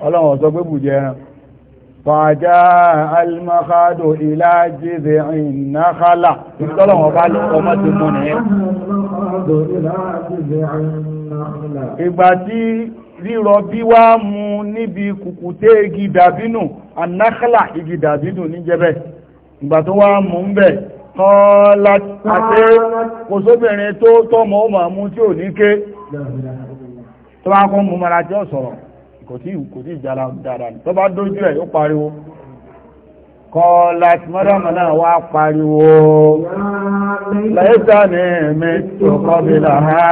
ọlọ́run sọ pé kò jẹ ẹran fàájá alìmọ́kádò ìlàjẹ́zẹ̀ ìnáhálà tọ́lọ̀wọ̀n bá lè ọmọ ti mú ní ìgbà tí rírọ bí wá mú níbi kùkùté igi dàbínù anáhálà igi dàbínù ní jẹ́bẹ̀ ìgbà tó wá mú ń bẹ̀ kọ́ọ́lá àti kò sóbìnrin tó tọ́mọ ó máa mú tí ò ní ké tó bá kún mú mara tí ó sọ̀rọ̀ kò tí kò tí ìjàlá dáadáa tó bá dójú ẹ̀ ó pariwo kọ́ọ́lá mọ́dọ́mọ́ náà wá pariwo lẹ́ẹ̀ta ní ẹ̀mẹ́ tó kọ́bílà ha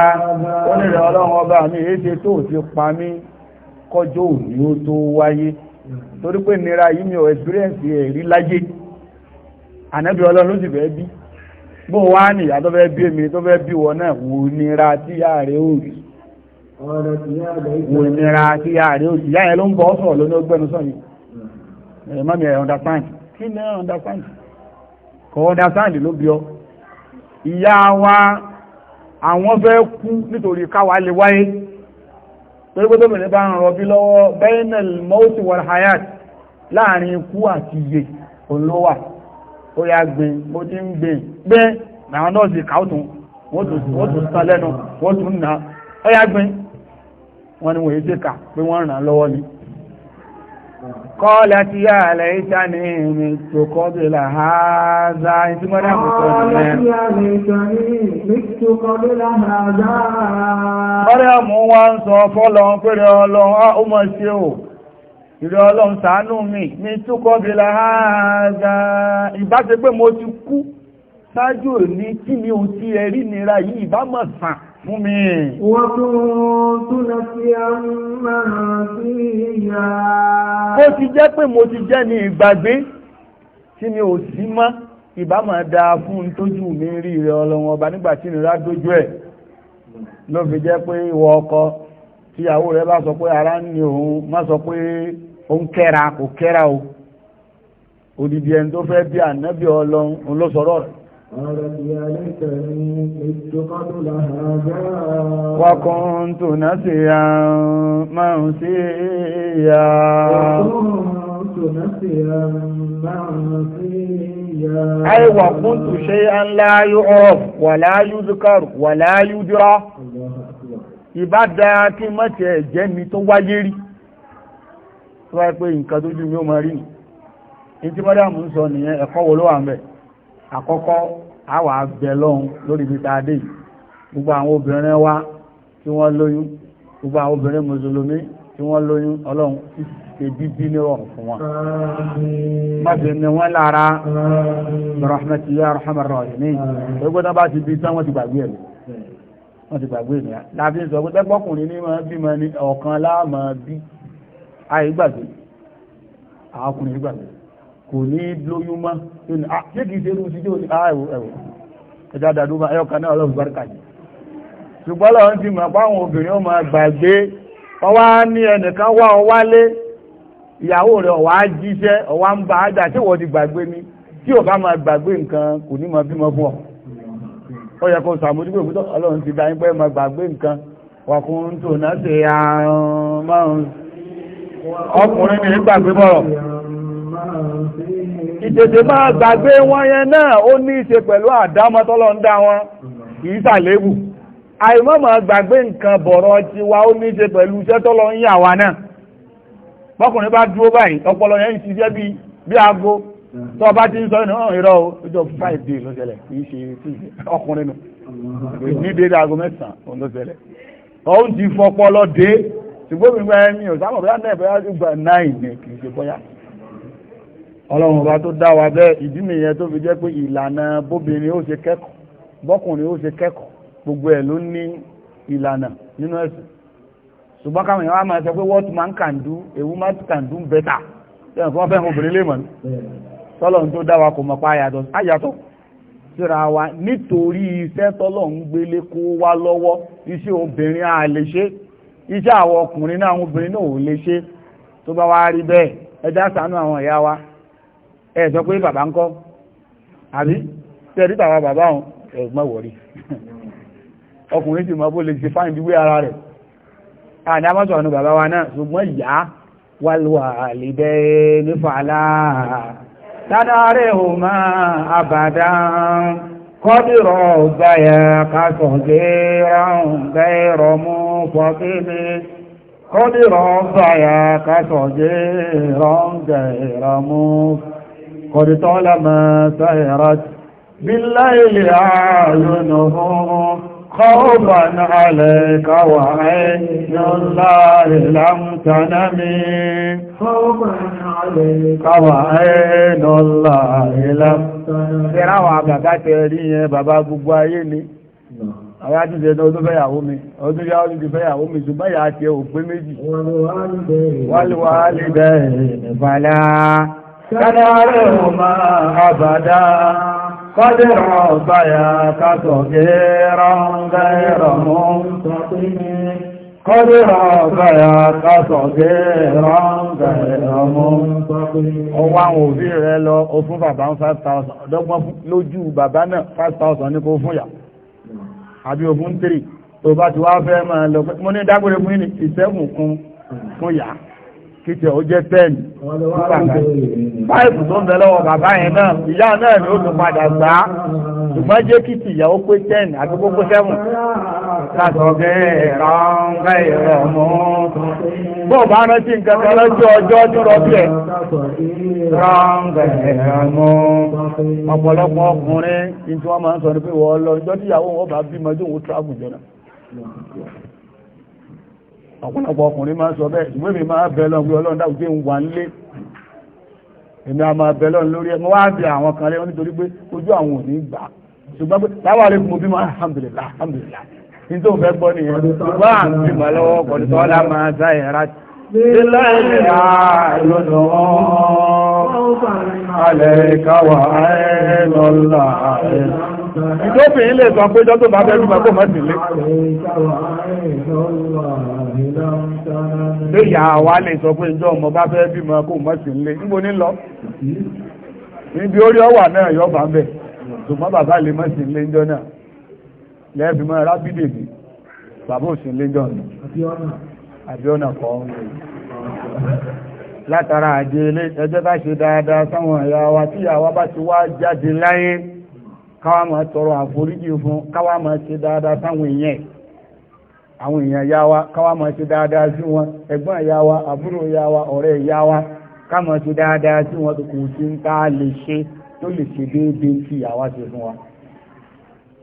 ó nílẹ̀ ọlọ́run ọba mi èéṣe tó ti pa mí kọjọ́ òní ó tó wáyé torí pé nira yìí mi ò experience ẹ̀ rí láyé ànábì ọlọ́run ló sì fẹ́ bí bó wá nìyà tó fẹ́ bí èmi tó fẹ́ bí wọn náà wò nira tí yá rẹ̀ ò rí wò nira tí yá rẹ̀ ò rí yá yẹn ló ń bọ́ sọ̀rọ̀ lóní ọgbẹ́nu sọ̀yìn mọ́mí ẹ̀ understand kí ni understand kò understand ló bí ọ ìyá wa àwọn fẹ́ kú nítorí káwa lè wáyé torí pé tóbìnrin bá ń rọbí lọ́wọ́ bainal mawti wal hayat láàrin ikú àti iye olówà ó yá gbìn bó ti ń gbìn gbé àwọn nọ́ọ̀sì káwùtún wọ́n tún sán lẹ́nu wọ́n tún nà ó yá gbìn wọ́n ni wọ́n pé wọ́n ràn lọ́wọ́ ni ti yá àlẹ́ ìta ní ìrìn tó kọ́bílà ààzá ìtí mọ́dá mọ́sọ̀ nìyẹn ọ̀rẹ́ ọmọ ìrẹ ọlọ́run ṣàánú mi ní túkọ́ bí láàáza ìbá ṣe pé mo ti kú ṣáájú òní tí mi ò ti ẹ̀rí nira yìí ìbá mọ̀ sàn fún mi. wọ́n tó tó jẹ́ pé mo ti jẹ́ ní ìgbàgbé tí mi ò sí mọ́ ìbá máa dáa fún tójú mi rí ìrẹ ọlọ́run ọba nígbà tí dójú ẹ̀ ló fi jẹ́ pé ìwọ ọkọ tíyàwó rẹ bá sọ pé ara ń ní òun má sọ pé ó ń kẹ́ra kò kẹ́ra o odidi ẹni tó fẹ́ bí ànábì ọlọ́run ló rẹ̀. Wakun tó ná sí ya máa sí ya. Ayé wakun tó ṣe an láyú ọ̀rọ̀ wà láyú zukar wà láyú dúró. Ìbá dáa kí mọ́tẹ̀ jẹ́ mi tó wáyé rí tó bá pé nǹkan tó jú mi ó máa rí nì ní tí mọ́dàmù ń sọ nìyẹn ẹ̀kọ́ wo ló wà ń bẹ̀ àkọ́kọ́ àwà abẹ lọ́hun lórí ibi tàdé gbogbo àwọn obìnrin wa tí wọ́n lóyún gbogbo àwọn obìnrin mùsùlùmí tí wọ́n lóyún ọlọ́run ṣe bíbí ní ọ̀rọ̀ fún wọn máṣe ní wọ́n lára rahmatulahi arhamar rahimin gbogbo náà bá ti bí tán wọ́n ti gbàgbé ẹ̀ wọ́n ti gbàgbé ẹ̀ láti sọ pé tẹ́gbọ́kùnrin ní máa bímọ ní ọ̀kan láàmà bíi àìgbàgbé àákùnrin gbàgbé kò ní lóyún mọ́ ní àkíkì ah, ìṣẹ́rú sí jò ní ààrẹ̀wò ah, ẹ̀wọ̀ ẹjá dàdúbà ẹyọkà náà lọ́wọ́ gbárkàjì ṣùgbọ́n lọ́wọ́n ti mọ̀ páwọn obìnrin ọmọ gbàgbé ọwá ní ẹnìkan wá ọwálé ìyàwó rẹ̀ ọwá jíṣẹ́ ọwá ń bá ájà tí wọ́n ti gbàgbé ní tí ò bá máa gbàgbé nǹkan kò ní mọ bímọ fún ọ ó yẹ kó ọlọ́run ti dá yín pé gbàgbé nǹkan wàkùnrin tó náà ṣe ọkùnrin ní gbàgbé bọ̀rọ̀ ìtètè máa gbàgbé wọn yẹn náà ó ní í ṣe pẹ̀lú àdámọ́tọ́lọ́ ń dá wọn kìí sàlébù àìmọ́mọ̀ gbàgbé nǹkan bọ̀rọ̀ ti wa ó ní í ṣe pẹ̀lú iṣẹ́ tọ́lọ ń yà wa náà bọ́kùnrin bá dúró báyìí ọpọlọ yẹn ń ṣiṣẹ́ bí bí aago tó ọba ti ń sọ ìnáwó ìrọ̀ ọjọ́ five days ló ṣẹlẹ̀ kìí ṣe ọkùnrin nù ní dédé aago mẹ́sàn-án ló ṣẹlẹ̀ ọ̀ ti fọpọlọ dé ṣùgbọ́n mi ẹni ò sábà bóyá náà bóyá gba ní kì ṣe bóyá ọlọ́run ọba tó dá wa bẹ́ẹ̀ ìdí tó fi jẹ́ pé ìlànà bóbìnrin ó ṣe kẹ́kọ̀ọ́ bọ́kùnrin ó ṣe kẹ́kọ̀ọ́ gbogbo what man can do a woman can do better ṣẹ́yìn fún wọn fẹ́ràn obìnrin lè mọ̀ ní tọ́lọ́run tó dá wa kò mọ̀ pa àyàtọ̀ àyàtọ̀ síra wa nítorí iṣẹ́ tọ́lọ́run gbélé kó wá lọ́wọ́ iṣẹ́ obìnrin à lè ṣe iṣẹ́ àwọn ọkùnrin náà àwọn obìnrin náà ò lè ṣe tó bá wá rí bẹ́ẹ̀ ẹja sànú àwọn ìyá wa ẹ sọ pé bàbá ń kọ́ àbí tẹ́rí tàwa bàbá òun ẹ̀gbọ́n wọ̀rí ọkùnrin sì mọ́ bó lè ṣe fáìndì wé ara rẹ̀ àní amọ́sọ̀ ọ̀nà bàbá wa náà ṣùgbọ́n ìyá wà lùwà àlèdẹ́ nífà aláà tádàárẹ̀ ò máa àbàdá kọ́dìrọ̀ ọgbà ẹ̀ kásọ̀ gẹ́rọ̀ gẹ́rọ̀ mú مستقيم قدرا فياك صغيرا غير موف قد طالما سيرت بالليل أعينهم خوفا عليك وعين الله لم تنمي خوفا عليك وعين الله لم تنمي. Ìráwọ̀ àgbàgbà tẹ̀rí yẹn bàbá gbogbo ayé ni àwọn àtúnṣe ẹ̀nà ọdún fẹ́yàwó mi ọdún yá ọdún fẹ́yàwó mi ṣùgbọ́n ìyá àti ẹ̀wò pé méjì wàlúwà lè bẹ̀rẹ̀ fàlá kádàárẹ̀ ò máa àbàdá kọ́dẹ̀rọ̀ báyà kásọ̀ gẹ́rọ̀ gẹ́rọ̀ mọ́ kọ́dẹ̀rọ̀ báyà ọwọ́ àwọn òbí rẹ̀ lọ àbí ogun tírì tó bá ti wá fẹ́ máa lọ mo ní dágbére fún ìṣẹ́gun kún fún yàá kìtì ó jẹ́ ten fáìfù tó ń bẹ lọ́wọ́ bàbá yẹn náà ìyá náà ni ó tún padà gbà á ṣùgbọ́n jẹ́ kìtì ìyàwó pé ten àti kókó seven. sàtọ̀gẹ́ ìrànlẹ́ ìrọ̀mú. bó bá rántí nǹkan kan lọ́jọ́ ọjọ́ ní rọ́bì ẹ̀. ìrànlẹ́ ọ̀pọ̀lọpọ̀ ọkùnrin ní tí wọ́n máa ń sọ ní pé wọ́n lọ ìjọ́ níyàwó wọn bá bímọ ẹjọ́ òun tíráàbù jọ náà ọ̀pọ̀lọpọ̀ ọkùnrin máa sọ bẹ́ẹ̀ ìwé mi máa bẹ̀lọ́n gbé ọlọ́run dákun tí ń wà nílé èmi a máa lórí ẹ̀ wá bí àwọn kan lé wọn nítorí pé ojú àwọn ò gbà ṣùgbọ́n pé láwọn àlejò mo bí máa alhamdulillah alhamdulillah ní tó fẹ́ gbọ́ nìyẹn ṣùgbọ́n ìjọ́bìnrin lè sọ pé jọ́tò bá bẹ́rù mọ́ kò mọ́ sí lé lóyà wá lè sọ pé ìjọ́ ọmọ bá bẹ́rù mọ́ kò mọ́ sí lé níbo ní lọ níbi orí ọwà náà yọ bá ń bẹ̀ ṣùgbọ́n bàbá lè mọ́ sí lé ńjọ́ náà lẹ́ẹ̀fì mọ́ rábídè bí bàbá ò sí lé jọ àbí ọ̀nà kan látara àjẹ́ ẹjẹ́ bá ṣe dáadáa sáwọn ẹ̀yà wa tí àwa bá ti wá jáde láyé káwà máa tọrọ àforíjì fún káwà máa ṣe dáadáa sáwọn èèyàn àwọn èèyàn yá wa máa ṣe dáadáa sí wọn ẹ̀gbọ́n yá wa àbúrò yá wa ọ̀rẹ́ yá wa se ṣe dáadáa sí wọn tó kò sí ń tá a lè ṣe tó lè ṣe déédéé tí ìyàwó ṣe fún wa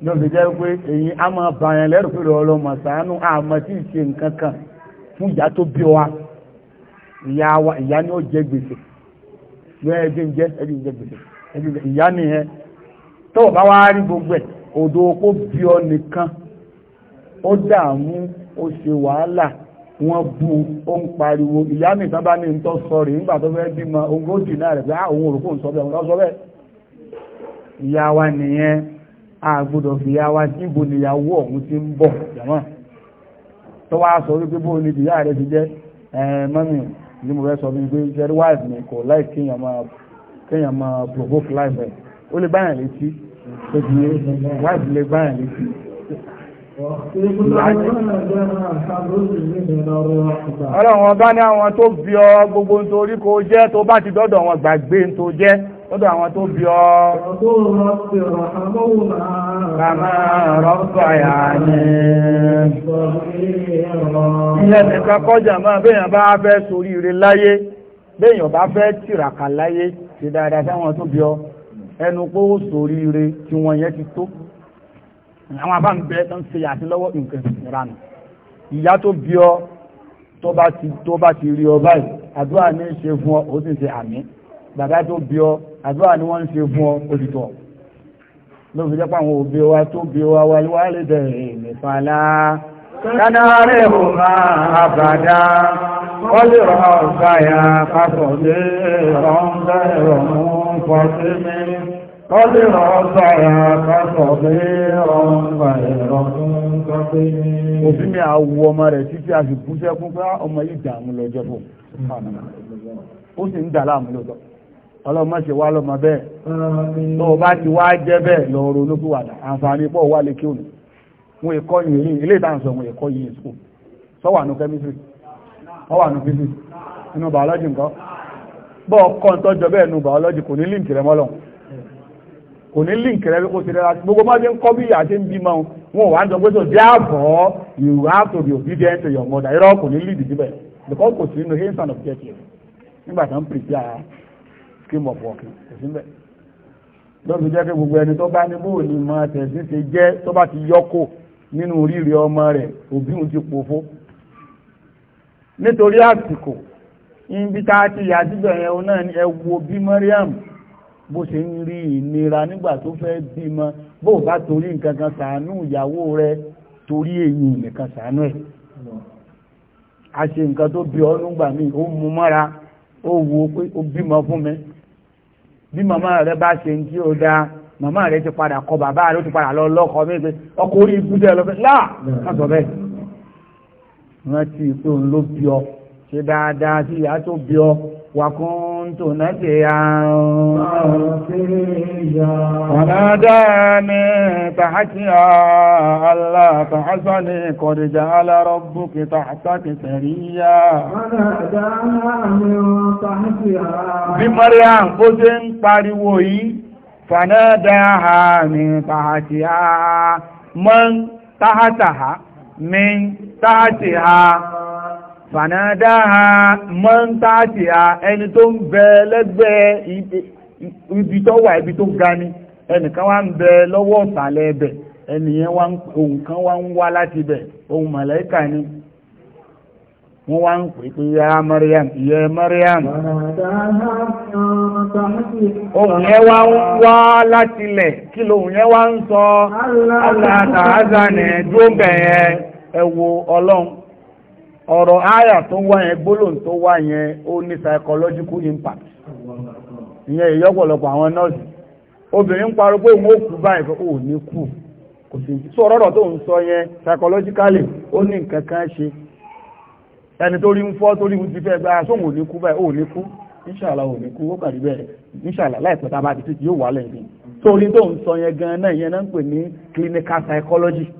ló fi jẹ́ pé a máa bàyàn lẹ́rù pé ọlọ́mọ ṣàánú àmọ́ tí wa ìyá ni ó jẹ gbèsè tó bá wá rí gbogbo ẹ̀ odò kó bí ọ nìkan ó dààmú ó ṣe wàhálà wọ́n bú ó ń pariwo ìyá mi sábà ní tó sọ rí nígbà tó fẹ́ bímọ ogójì náà rẹ̀ pé á ah, òun òrùkú ń sọ bẹ́ẹ̀ wọ́n sọ bẹ́ẹ̀ ìyá wa nìyẹn a fi ìyá wa níbo níyàwó ọ̀hún ti ń bọ̀ jàmọ́ tó wá sọ wípé bó ní ìyá rẹ̀ ti jẹ́ mọ́mí ní mo fẹ́ sọ fún pé jerry wife mi kò láì kéèyàn máa provoke life rẹ̀ ó lè báyàn létí wáìdì lè báyàn létí ọlọ́run ọba ní àwọn tó bí ọ gbogbo nítorí kó jẹ́ tó bá ti dọ́dọ̀ wọn gbàgbé tó jẹ́ lọ́dọ̀ àwọn tó bí ọ kàmà rọ́pọ̀ àyà ní ilẹ̀ nìkan kọjá máa béèyàn bá fẹ́ sórí ire láyé béèyàn bá fẹ́ tìràkà láyé ti dáadáa sáwọn tó bí ọ ẹnu pé ó sòrí ire tí wọ́n yẹn ti tó àwọn abáǹgbẹ́ tó ń ṣe àtìlọ́wọ́ nǹkan ìranù ìyá tó bí ọ tó bá ti rí ọ báyìí àdúrà ní í ṣe fún ọ ó sì ṣe àmì bàbá tó bí ọ àdúrà ni wọ́n ń ṣe fún ọ òdìtọ̀ ló fi jẹ́pọ̀ àwọn òbí wa tó bí wa wà wà lè bẹ̀rẹ̀ nìfàlá kánárẹ̀ ò máa àbàdá wọ́n lè rọ̀ ọ̀gá ya kápọ̀ lè rọ̀ ọ̀gá ẹ̀rọ̀ mú فصبر قدر سعيك صبيرا غير منتصر òfin ni àwọ ọmọ rẹ̀ títí a sì kú sẹ́kún pé ọmọ yìí dààmú fún ó sì ń dà láàmú ọlọ́mọ ṣe wá lọ́mọ bẹ́ẹ̀ bá ti wá jẹ́ bẹ́ẹ̀ lọ wàdà wà òní yìí bọ́ ọkọ̀ tọ́jọ bẹ́ẹ̀ nu biology kò ní líǹkì rẹ mọ́lọ̀ kò ní líǹkì rẹ kò sí rẹ́ra gbogbo máa ń kọ́ bí àti ń bímọ wọn wà á jọ pé tó jẹ́ àbọ̀ you have to be obedient to your mother irọ́ kò ní líǹkì síbẹ̀ because kò sí inú hands and objective nígbà tó ń prepare scheme of work kò sí bẹ́ẹ̀ lọ́dún jẹ́ pé gbogbo ẹni tó bá ní bóò ní máa tẹ̀sí ṣe jẹ́ tó bá ti yọ́kò nínú oríire ọmọ rẹ̀ òbí òun ti pòfó nítorí àsìkò ibi tá a ti yà síbẹ̀ yẹn o náà ni ẹ wo bí Mariam bó ṣe ń rí ìnira nígbà tó fẹ́ bímọ bó bá torí nǹkan kan ṣàánú ìyàwó rẹ̀ torí èyí nìkan ṣàánú ẹ̀ a ṣe nǹkan tó bí ọ nígbà míì ó mú mọ́ra ó wo pé ó bímọ fún mi bí màmá rẹ bá ṣe ń tí ó dáa màmá rẹ ti padà kọ bàbá rẹ ó ti padà lọ lọ́kọ mi pé ọkọ orí ibùdó ẹ lọ fẹ́ láà má sọ bẹ́ẹ̀ rántí pé òun ló bí ọ ṣe dáadáa sí ìyá tó bí ọ wàkún tó náà ṣe àrùn ọ̀nàdá ní tàhátí àlá tàhásá ní kọ̀dìjà alárọ̀bù kì tàhásá bí Maryam bó ṣe ń pariwo yìí fànádá ha ní ha mọ́ tàhátà ha min tàhátì ha fànádáha mọ́ntàtì a ẹni tó ń bẹ lẹ́gbẹ́ ibi tó wà ibi tó ga ni ẹnìkan wá ń bẹ lọ́wọ́ ọ̀sàlẹ̀ ẹbẹ̀ ẹnìyẹn wá ohun kan ń wá láti bẹ̀ ohun màláíkà ni wọ́n wá ń pè pé ya Mariam Mariam ohun yẹn wá ń wá láti lẹ̀ kí lóhun yẹn wá ń sọ dúró ọ̀rọ̀ ahịa tó wá yẹn gbólóhùn tó wá yẹn ó ní psychological impact ìyẹn ìyọ́pọ̀lọpọ̀ àwọn nọ́ọ̀sì obìnrin ń parọ́ pé òun kú báyìí pé ní kú kò sí ọ̀rọ̀ tó ń sọ yẹn psychologically ó ní ṣe ẹni tó rí ń fọ́ tó rí ti a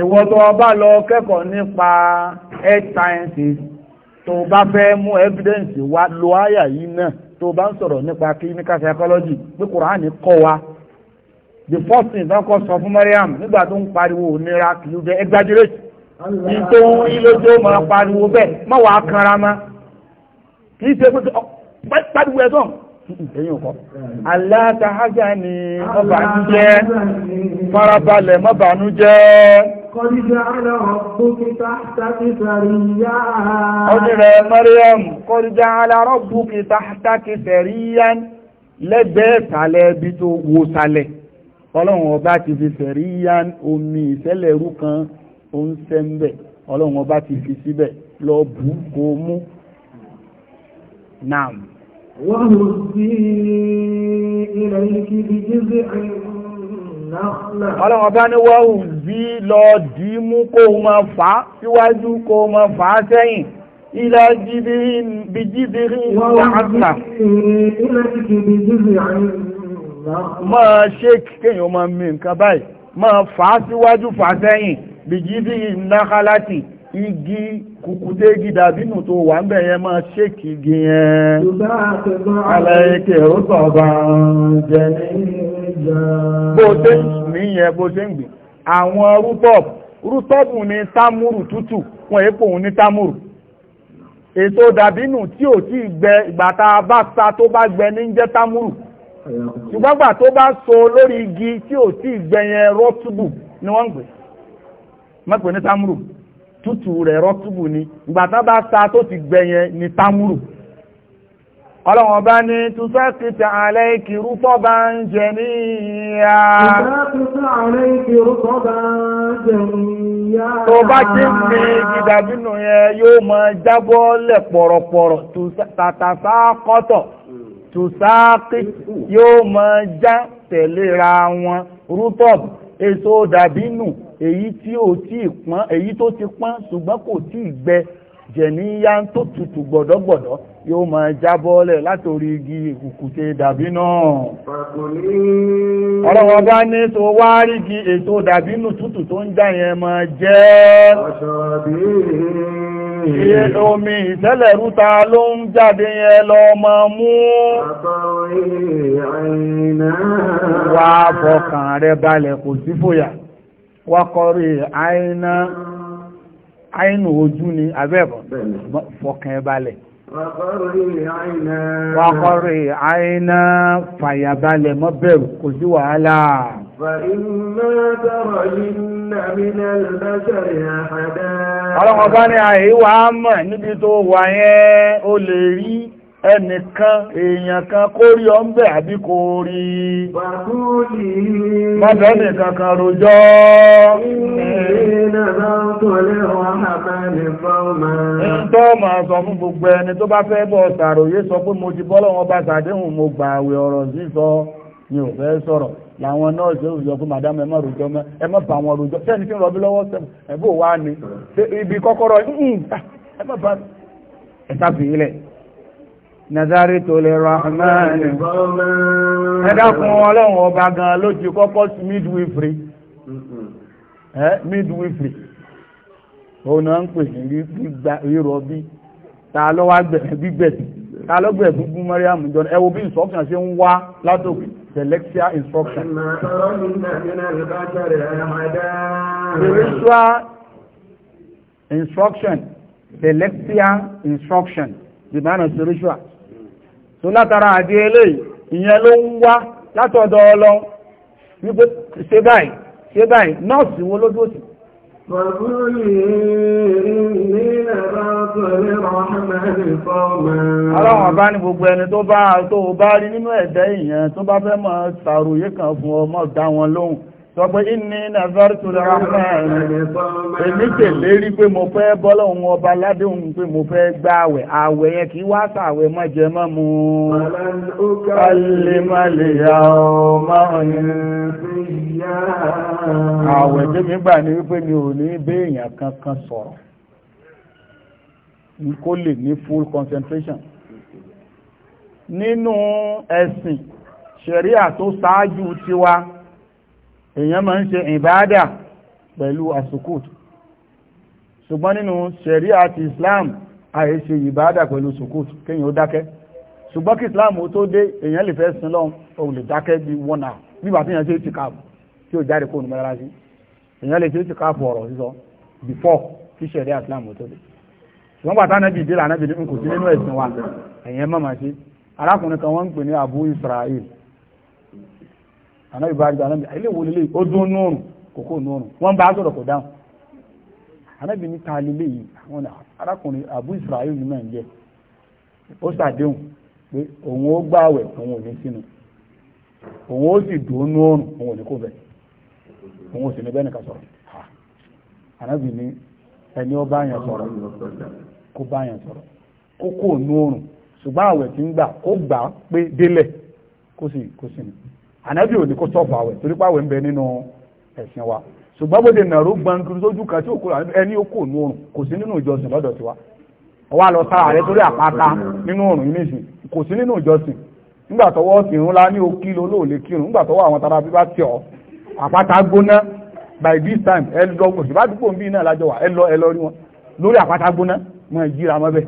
ìwọ tó bá lọ kẹ́kọ̀ọ́ nípa health sciences tó bá fẹ́ mú evidence wá lo àyà yìí náà tó bá ń sọ̀rọ̀ nípa clinical psychology pé kùránì kọ́ wa the first thing tó kọ́ sọ fún Mariam nígbà tó ń pariwo òníra kì í jẹ́ exaggerate ní tó ń rí lójú ó máa pariwo bẹ́ẹ̀ má wàá kanra má kì í ṣe pé pariwo ẹ̀ sọ̀rọ̀ ẹ̀yìn ọkọ̀. aláàtàhájà ni mọ́bàánú jẹ́ farabalẹ̀ mọ́bàánú jẹ́ قد جعل ربك تحتك سريا أجل مريم قد جعل ربك تحتك سريا lẹ́gbẹ̀ẹ́ sàlẹ̀ ibi tó wo sàlẹ̀ ọlọ́run ọba ti fi sẹ̀ríyá omi ìṣẹ́lẹ̀rú kan ó ń sẹ́ ń bẹ̀ ọlọ́run ọba ti fi síbẹ̀ lọ bù kó mú náà wọ́n rò sí ilẹ̀ ìkìlì jíze ọlọ́run ọba ní wọ́hùn bí lọ dì mú kó o fà á síwájú kó o fà á sẹ́yìn ilẹ̀ bìjìbìrì ìgbàgbà máa ṣe kéèyàn máa mi nǹkan báyìí máa fà á síwájú fà á sẹ́yìn bìjìbìrì náhálátì igi kùkùté igi dàbínù tó wà ń bẹ̀yẹn máa ṣe kìí alẹ́ ìkẹ̀rọ sọ̀bà jẹ́ nìyàn bó ṣe ń mí yẹn bó ṣe ń gbìn àwọn rútọ́ọ̀bù rútọ́ọ̀bù ní támúrù tútù wọn èèpò ní támúrù èso dàbínù tí ò tí gbẹ ìgbàta bá sa tó bá gbẹ ní jẹ́ támúrù ṣùgbọ́n gbà tó bá so lórí igi tí ò tí gbẹ yẹn rọ́túbù ni wọ́n ń pè mọ́pẹ́ ní támúrù tútù rẹ̀ rọ́túbù ni ìgbàta bá sa tó ti gbẹ yẹn ní támúrù ọlọ́wọ̀n bá ní tùsẹ́kìtà alẹ́ ìkìrú tọ́ bá ń jẹ ní ìyá tó bá kí ní ìdàbínú yẹn yóò mọ jábọ́ lẹ̀ pọ̀rọ̀pọ̀rọ̀ tàtàsá kọ́tọ̀ tùsáàkì yóò mọ já tẹ̀léra wọn rútọ́b èso dàbínú èyí tí ó ti pọ́n èyí tó ti pọ́n ṣùgbọ́n kò tí ì jẹ̀ níyá tó tutù gbọ̀dọ̀gbọ̀dọ̀ yóò máa jábọ́lẹ̀ látorí igi ìkùkùté dàbí náà ọlọ́wọ́ bá ní tó wá rí igi ètò dàbínù tútù tó ń já yẹn máa jẹ́ iye omi ìtẹ́lẹ̀ rúta ló ń jáde yẹn lọ máa mú wá fọkàn rẹ balẹ̀ kò sí fòyà wákọrí àìnà àìnù ojú ni abẹ́bọ̀ fọkàn balẹ̀ wàkọ̀rì àìná fàyàbalẹ̀ mọ́ bẹ̀rù kò sí wàhálà ọlọ́pàá bá ní àìwà mọ̀ níbi tó wà yẹn ó lè rí ẹnìkan èèyàn kan kó rí ọ ń bẹ̀ àbí kò rí mọ́bẹ̀ẹ́ nìkan kan rojọ́ ní ìrìnà náà tó máa sọ fún gbogbo ẹni tó bá fẹ́ bọ́ sàròyé sọ pé mo ti bọ́lọ́wọ́ bá sàdéhùn mo gbà àwẹ̀ ọ̀rọ̀ sísọ ni ò fẹ́ sọ̀rọ̀ làwọn náà ṣe òṣìṣọ́ fún madam ẹ má rojọ́ mọ́ ẹ má bá wọn rojọ́ sẹ́ni tí ni ibi kọ́kọ́rọ́ ẹ má bá ẹ tàbí ilẹ̀ nazari tó lè rahman ẹ dákun ọlọ́run ọba gan ló ti kọ́kọ́ midwifery midwifery òun náà ń pè ní rírọ bí ta ló wá gbígbẹ̀ ta ló gbẹ̀ gúgún Mariam jọ ẹ bí instruction ṣe ń wá látòkè celestial instruction spiritual instruction celestial instruction ìbáná spiritual tó látara àdí eléyìí ìyẹn ló ń wá látọ̀dọ̀ ọlọ́ wípé ṣe báyìí ṣe báyìí nọ́ọ̀sì wo lójú òsì Ọlọ́run ọba ní gbogbo ẹni tó bá rí nínú ẹ̀dẹ́ èèyàn tó bá fẹ́ mọ́ ṣàròyé kan fún ọmọ ọ̀dá wọn lóhùn sọ pé inú nàzàrìtò rahman èmi tè lérí pé mo fẹ́ bọ́lọ́hun ọba ládéhùn pé mo fẹ́ gba àwẹ̀ àwẹ̀ yẹn kì wá sàwẹ̀ mọ́ jẹ mọ́ mu kálímàlìyà ọmọ àwẹ̀ tèmi gbà ní wípé mi ò ní béèyàn kankan full concentration nínú ẹ̀sìn ṣẹ̀ríà tó ṣáájú tiwa èèyàn máa ń ṣe ìbáadà pẹ̀lú àsùkùt ṣùgbọ́n nínú ṣẹ̀rí àti islam àyè ṣe ìbáadà pẹ̀lú sùkùt kéèyàn ó dákẹ́ ṣùgbọ́n kí islam ó tó dé èèyàn lè fẹ́ sin lọ́n o lè dákẹ́ bí wọ́nà nígbà tí èèyàn ṣe ti kààbù tí ó ti kààbù ọ̀rọ̀ before kí islam ó tó dé ṣùgbọ́n bàtà náà bìí dé lànà bìí kò sí nínú ẹ̀sìn wa èèyàn má abu israel ànábì bá gbà ànábì ilé ìwò lélẹ̀ ó dún nùrùn kòkó nùrùn wọ́n bá sọ̀rọ̀ kò dáhùn ni ní ta lélẹ̀ yìí àwọn arákùnrin àbú Israel náà jẹ ó ṣàdéhùn pé òun ó gbààwẹ̀ òun ò ní sínú òun ó sì dùn nùrùn òun ò ní kó bẹ̀ òun ò sì ní bẹ́ẹ̀ nìkan sọ̀rọ̀ ní ẹni ànábì ò ní kó sọ́ọ̀fù àwẹ̀ torí pàwẹ̀ ń bẹ nínú ẹ̀sìn wa ṣùgbọ́n bóde nàró gbankiri sójú kan tí ó kúrò ẹni ó kò ní oòrùn kò sí nínú ìjọsìn lọ́dọ̀ tiwa ọwọ́ àlọ́ sára rẹ torí àpáta nínú oòrùn yìí nìsín kò sí nínú ìjọsìn nígbà tọwọ́ sì ń la ní o kílò lóòlè kírun nígbà tọwọ́ àwọn tara bíbá tí ọ àpáta gbóná by this time ẹ lọ òṣèlú bá dúpọ̀ bí náà lájọ wà ẹ lọ ẹ lọ rí wọn lórí àpáta gbóná wọn ìjíra mọ́bẹ̀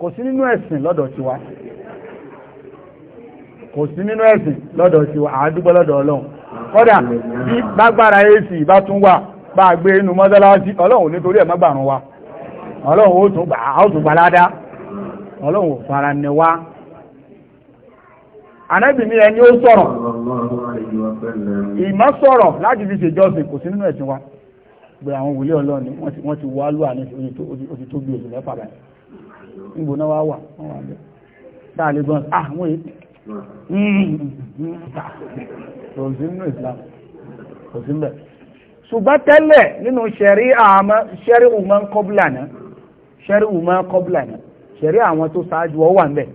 kò sí nínú ẹ̀sìn lọ́dọ̀ tiwa kò sí nínú ẹ̀sìn lọ́dọ̀ sí wa àádúgbọ́ lọ́dọ̀ ọlọ́run kọ́dà bí bágbára èsì bá tún wà bá gbé inú mọ́sálásí ọlọ́run nítorí ẹ̀ mọ́gbàrún wa ọlọ́run ó tún gbà ládá ọlọ́run ò fara ní wá wa gbé àwọn wòlé ọlọ́run wọ́n ti wá lúwà ní oṣù tó gbé oṣù lẹ́fà báyìí nígbóná wá wà wọ́n wà bẹ́ẹ̀ ṣùgbọ́n tẹ́lẹ̀ nínú ṣẹ̀rí àmọ́ ṣẹ̀rí ọmọ kọ́bùlà náà ṣẹ̀rí ọmọ kọ́bùlà náà ṣẹ̀rí àwọn tó ṣáájú ọ wà ńbẹ̀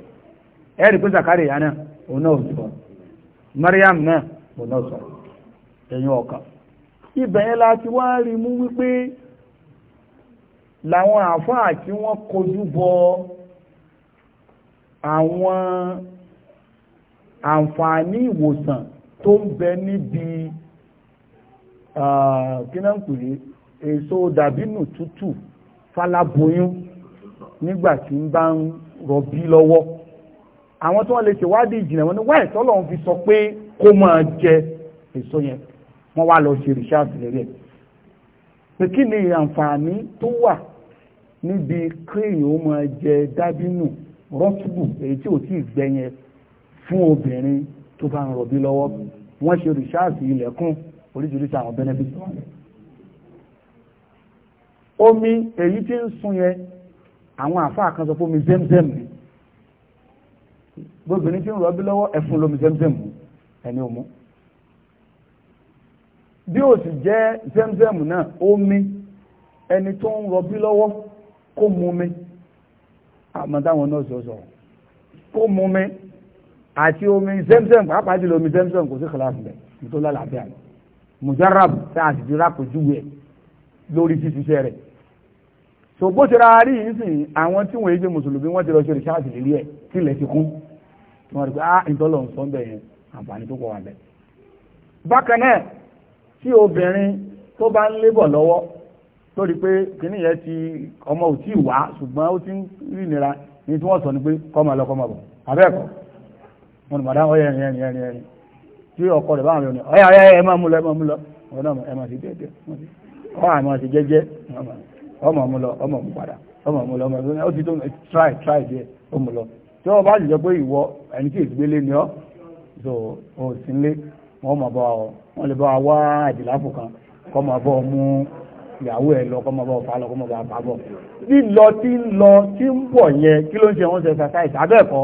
ẹ̀rí pé Zakariya náà òun náà sọ Mariam náà òun náà sọ ẹ̀yìn ọ̀kan ibẹ̀ yẹn la ti wá rí mú wípé làwọn àfáà tí wọ́n kojú bọ àwọn àǹfààní ìwòsàn tó ń bẹ níbi kínáǹpìrí èso dàbínù tútù falaboyún nígbà tí ń bá ń rọbí lọ́wọ́ àwọn tó wọ́n lè ṣèwádìí ìjìnlẹ̀ wọn ni wáyé tọ́lọ́run fi sọ pé kó máa jẹ èso yẹn wọ́n wá lọ ṣe rìṣáàsì lérí pé kí ni àǹfààní tó wà níbi kéèyàn ó máa jẹ dábínù rọ́tùbù èyí tí ò tí ì gbẹ yẹn fún obìnrin tó bá ń rọ̀bí lọ́wọ́ wọ́n ṣe rìṣáàsì ilẹ̀kùn oríṣiríṣi àwọn benefits wọn omi èyí tí ń sun yẹn àwọn àfáà kan sọ fún omi zemzem ni gbogbo ní tí ń rọ̀bí lọ́wọ́ ẹ̀fún lómi zemzem ẹni òmú bí ó sì jẹ́ zemzem náà omi ẹni tó ń rọ̀bí lọ́wọ́ kó mú mi àmọ́ táwọn náà sọ sọ kó mú mi àti omi zemzem pàápàá jùlọ omi zemzem kò sí kìláàsì rẹ̀ nítorí lálàáfíà ni mujarab tá a sì ti rà lórí ṣíṣiṣẹ́ rẹ̀ so bó ṣe ra rí yìí sìn àwọn tí wọ́n ṣe mùsùlùmí wọ́n ti lọ ṣe rìṣáàtì lérí ẹ̀ tilẹ̀ ti kún wọ́n rí pé ah ìtọ́lọ̀ ń sọ ń bẹ̀ yẹn àǹfààní tó pọ̀ wà bẹ̀. bákan náà tí obìnrin tó bá ń lébọ̀ lọ́wọ́ lórí pé kìnìún yẹn ti ọmọ ò tí ì wá ṣùgbọ́n ó ti ń rí ìnira tí wọ́n sọ ni pé kọ́ lọ kọ́ bọ̀ abẹ́ẹ̀kọ́ wọn mọ̀dá ọyẹ ẹ̀rìn ẹ̀rìn ẹ̀rìn ẹ̀rìn tí ọkọ rẹ̀ báwọn ọ̀nà ọyẹ ọyẹ ẹ máa mú lọ ẹ máa mú lọ ọ̀nà ẹ máa sì déédéé ọ àmọ́ sì jẹ́jẹ́ ọmọ mú lọ ọmọ mú padà ọmọ mú lọ ọmọ mú lọ ìyàwó ẹ lọ kọ́ mọ̀ lọ kọ́ mọ̀ bọ̀ lílọ tí ń lọ tí ń bọ̀ yẹn kí ló ń ṣe wọn ṣe exercise abẹ́ẹ̀kọ́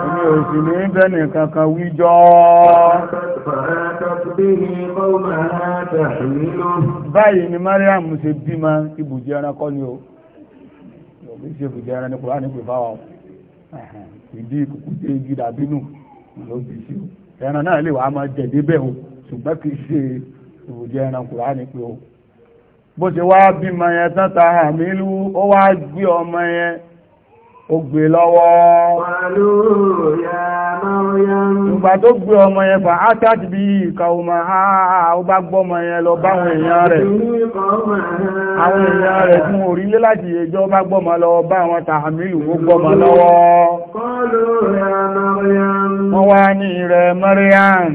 Èmi ò sì ní bẹ́ni kankan wíjọ́. Báyìí ni Mariam ṣe bí ma ibùjẹ́ ẹranko ni o. Òbí ṣe ibùjẹ́ ẹran ní Kùránì pè bá wa. Ìdí ìkùkù dé igi dàbínú ló sí o. Ẹran náà lè wà máa jẹ̀dé bẹ́ẹ̀ o, ṣùgbọ́n kìí ṣe ibùjẹ́ ẹran Kùránì pè o. Bó ṣe wá bí ma yẹn tán ta àmì ìlú, ó wá gbé ọmọ yẹn ó gbé lọ́wọ́ ìgbà tó gbé ọmọ yẹn fà átàtì bí ìkà ọmọ ha ó bá gbọ́mọ yẹn lọ báwọn èèyàn rẹ̀ àwọn èèyàn rẹ̀ fún orílẹ̀ láti ẹjọ́ bá gbọ́mọ lọ bá wọn tààmìlù ó gbọ́mọ lọ́wọ́ wọ́n wá ní rẹ̀ Mariam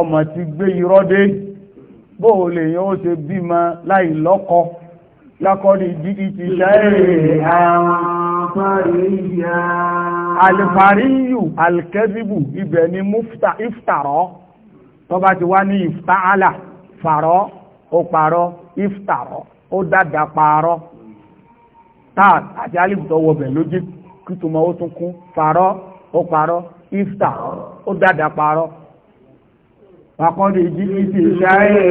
ọmọ ti gbé irọ́ bóò lè yàn ó ṣe bímọ láì lọ́kọ lákọ́rí jíjí ti ṣẹ́rẹ̀ alfàríyù alkẹ́bíbù ibẹ̀ ni mufta iftarọ́ tó bá ti wá ní iftaala fàrọ́ ó parọ́ iftarọ́ ó dada parọ́ táà àti alìbùtọ́ wọbẹ̀ lójí kìtùmọ̀ ó tún kún fàrọ́ ó parọ́ iftarọ́ ó dada parọ́ Fàkọ́dé jí ní ti ṣáyé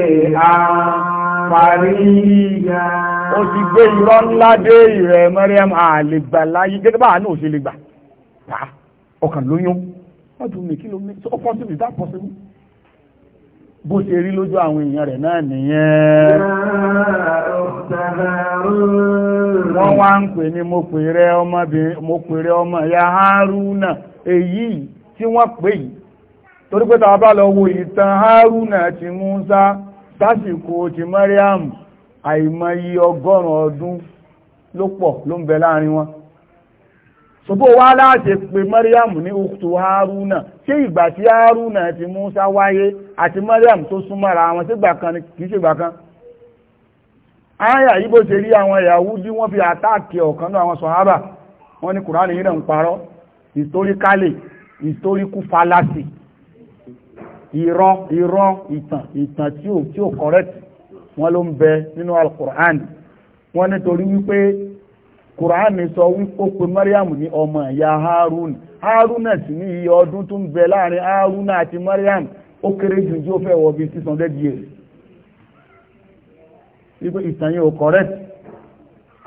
àpàrí ìyá. Ó ti gbé irọ́ ńlá dé ìrẹ̀ Mẹ́rẹ́m àlègbà láyé gẹ́gẹ́ bá àánú òṣèlè gbà. Tà ọkàn lóyún. Wọ́n tún mi kí ló mi sọ possible is that possible? Bó ṣe rí lójú àwọn èèyàn rẹ̀ náà nìyẹn. Wọ́n wá ń pè ní mo pè rẹ ọmọ ya Haruna èyí tí wọ́n pè yìí torí pé tá a bá lọ wo ìtàn Haruna àti Musa sásìkò ti Mariam àìmọye ọgọ́rùn ọdún ló pọ̀ ló ń bẹ láàrin wọn ṣùgbọ́n wá láti pé Mariam ní uktu Haruna ṣé ìgbà tí Haruna àti Musa wáyé àti Mariam tó súnmọ́ra wọn sígbà kan kì í ṣègbà kan àyà yìí bó ṣe rí àwọn Yahudi wọ́n fi àtàkì ọ̀kan náà àwọn sọ̀hábà wọ́n ní kùránì yìí náà ń parọ́ historically historical fallacy irọ́ irọ́ ìtàn ìtàn tí ò tí ò correct wọ́n ló ń bẹ nínú alukur'an wọ́n nítorí wípé kur'an sọ wípé ó pe mariam ní ọmọ ìyá harun harun náà sì ní iye ọdún tó ń bẹ láàrin harun àti mariam ó kéré jù jí ó fẹ́ wọ bí six hundred years wípé ìtàn yẹn ò correct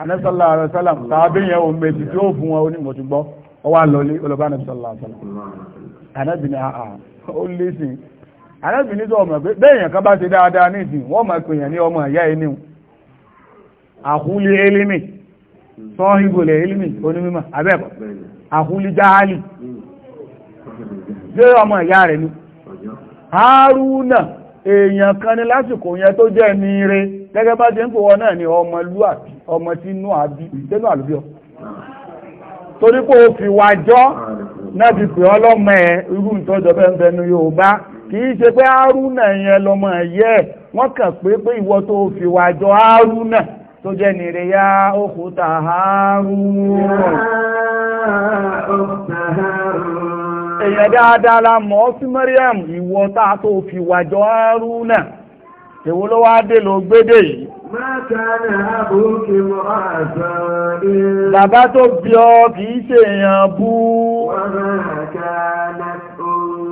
anẹ́sọ́lá ààrẹ sálàm tàbí yẹn òun méjì tí ó fún wọn onímọ̀túgbọ́ ọwá lọlé olùbánẹ́sọ́lá àṣálàm anẹ́bìnrin àà ó lé sí i arábìnrin tó ọmọ pé bẹ́ẹ̀yàn kan bá ṣe dáadáa ní ìdí wọ́n máa pèèyàn ní ọmọ ìyá ẹni àkúlé elimi sọ́n ìgbòlẹ̀ elimi onímọ̀ abẹ́ẹ̀kọ́ àkúlé jáálì jẹ́ ọmọ ìyá rẹ̀ ni Haruna èèyàn kan ní lásìkò yẹn tó jẹ́ ní ire gẹ́gẹ́ bá jẹ́ ń pò wọn náà ni ọmọ lúàbí ọmọ tí inú àbí ìdẹ́nu àlùbíọ́ torí pé ó kìí ṣe pé Haruna yẹn lọmọ ẹ̀yẹ́ wọ́n kàn pé pé ìwọ tó fi wà jọ Haruna tó jẹ́ nìrẹ̀ yá òkúta Haruna èwo ló wá dé ló gbédè yìí Bàbá tó bí ọ kìí ṣe èèyàn bú. Wọ́n máa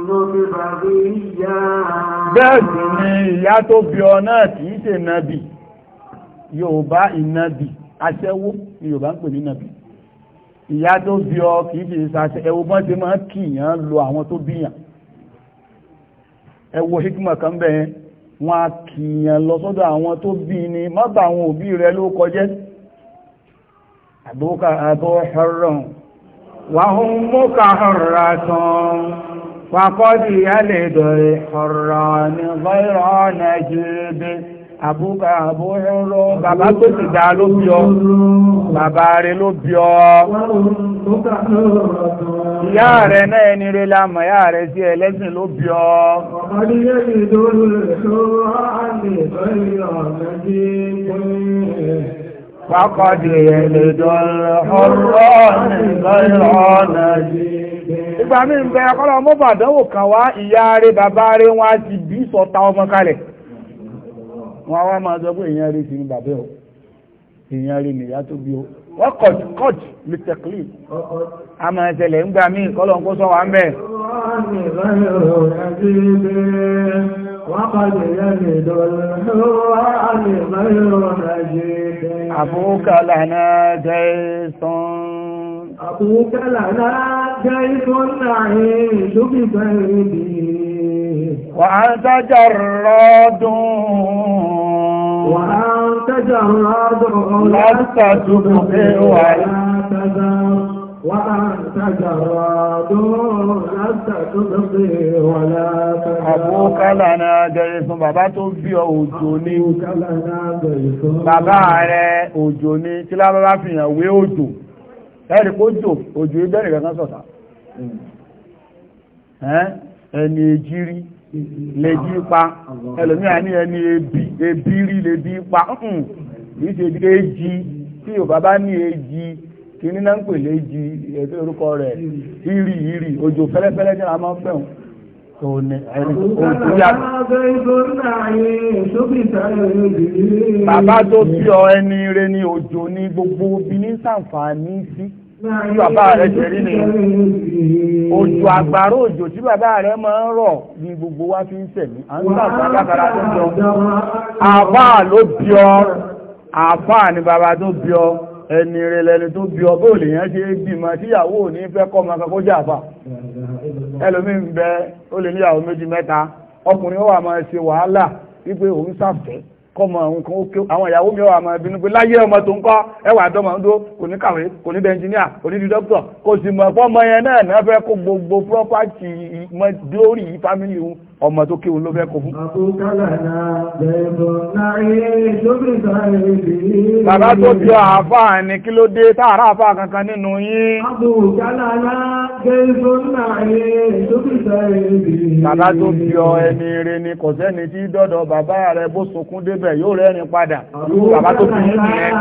bẹ́ẹ̀ sì ni ìyá tó bí ọ náà kì í ṣe nàbì Yorùbá ìnàbì aṣẹ́wó ni Yorùbá ń pè ní nàbì ìyá tó bí ọ kì í ṣe ìṣàṣẹ ẹwọ bọ́n ti máa kìyàn lo àwọn tó bíyàn ẹwọ hikima kan bẹ́ẹ̀ wọn a kìyàn lọ sọ́dọ̀ àwọn tó bí ni má bà àwọn òbí rẹ ló kọjẹ́ àbúkà àbọ̀ ọ̀rọ̀ wàhún وقد يلد الحران غير نجيب àbúkà àbúrò bàbá tó ti dá ló bí ọ bàbá rẹ ló bí ọ ìyá rẹ náà ẹni rẹ lámọ̀ ìyá rẹ sí ẹlẹ́sìn ló bí ọ Wákọ̀dì ẹ̀lẹ́dọ̀ọ̀rọ̀ ọ̀nà ìlọ́ọ̀nà yìí ìgbà mi ń bẹ ọkọ́lọ́ ọmọ bàdánwò kan wá ìyá rẹ̀ bàbá rẹ̀ wọ́n á ti bí sọta ọmọ kalẹ̀ wọ́n wá máa sọ pé èèyàn rí sí ní bàbá o èèyàn wọ́n kọ̀tù kọ̀tù mìtẹ̀kìlì a máa ṣẹlẹ̀ ń gbà mí ìkọ́lọ̀ ń kó sọ wà ń jẹ́ sọ́n أبوك لنا جيد نعيش ببيتي وأنت جراد وأنت جراد لست تبقي ولا تذر وأنت جراد لست تبقي ولا تذر أبوك لنا جيد bàbá tó bí ọ òjò ni bàbá rẹ̀ òjò ni kí lábàbá fìyàn wé òjò ẹ̀rì kó jò òjò ìbẹ̀rẹ̀ rẹ̀ kan sọ̀tà ẹni èjírí lèjí pa ẹlòmíà ní ẹni èbírí lèjí pa kìí ṣe bí èjì tí yóò bàbá ní èjì kìí ní náà ń pè ẹgbẹ́ orúkọ rẹ̀ ìrì ìrì òjò fẹ́lẹ́fẹ́lẹ́ jẹ́ òní ẹni bàbá tó bí ọ ẹni rẹ ní òjò ní gbogbo bí ní sàǹfààní sí tí bàbá rẹ jẹrí ni òjò àgbàrá òjò tí bàbá rẹ máa ń rọ̀ ní gbogbo wa fi ń sẹ̀mí à ń sàǹfààní látara tó bí ọ àbá ló bí ọ àbá ni bàbá tó bí ọ ẹni rẹ lẹni tó bí ọ bóòlù yẹn ṣe bímọ tíyàwó ò ní fẹ́ kọ́ ọmọ akẹ́kọ̀ọ́ jà fà ẹlòmí ń bẹ ó lè níyàwó méjì mẹ́ta ọkùnrin ó wà máa ṣe wàhálà wípé òun sàfẹ́ kọmọ òun kan ó ké àwọn ìyàwó mi ó wà máa bínú pé láyé ọmọ tó ń kọ́ ẹwà àdọ́mọ̀ ń dó kò ní kàwé kò ní dẹnjiníà kò ní di kò sì mọ̀ fọ́mọ yẹn náà náà fẹ́ kó gbogbo pírọ́pátì mọ́ dórí fámìlì òun ọmọ tó kí òun ló fẹ́ kò fún. Bàbá tó bí àáfà ní kí ló dé tààrà àáfà kankan nínú yín. Bàbá tó bí ọ ẹni rẹ ni kò sẹ́ni tí dọ́dọ̀ bàbá rẹ bó sunkún débẹ̀ yóò rẹ́rin padà. Bàbá tó bí yín nìyẹn.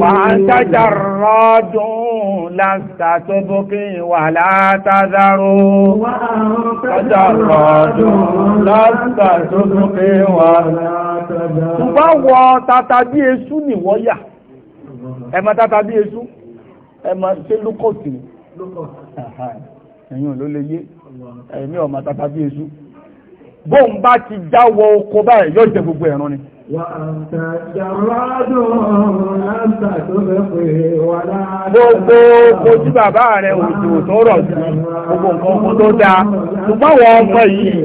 Wà á ń tájà rọ́dún láǹtà tó wà látàdá كفروا وتقعدوا لست تسقي tata bí esú ni wọ́n yà ẹmọ tata bí esú ẹmọ ṣe lókọ̀tì ẹ̀yìn ló lè yé ẹ̀mí ọmọ tata bí esú bóun bá ti jáwọ oko báyìí yóò jẹ gbogbo ẹ̀rùn ni Gbogbo ojú bàbá rẹ̀ òjò tó rọ̀ jù gbogbo nǹkan to tó dáa. Ṣùgbọ́n wọ ọmọ yìí,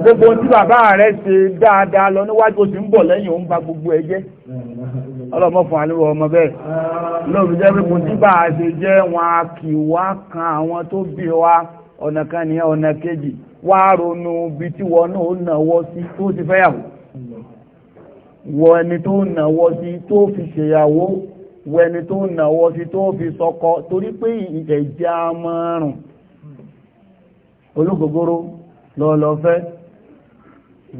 gbogbo tí bàbá rẹ̀ ṣe dáadáa lọ níwájú oṣù ń bọ̀ lẹ́yìn gbogbo ẹ̀ Ọlọ́mọ fún àlúwọ ọmọ bẹ́ẹ̀. Lóòrùn jẹ́ a je wọn to bi wa kan ti wọ ẹni tó nàwọ́ sí tó fi ṣèyàwó wọ ẹni tó nàwọ́ sí tó fi sọkọ torí pé ìjẹ̀já márùn ológogoro lọ́ọ̀lọ́fẹ́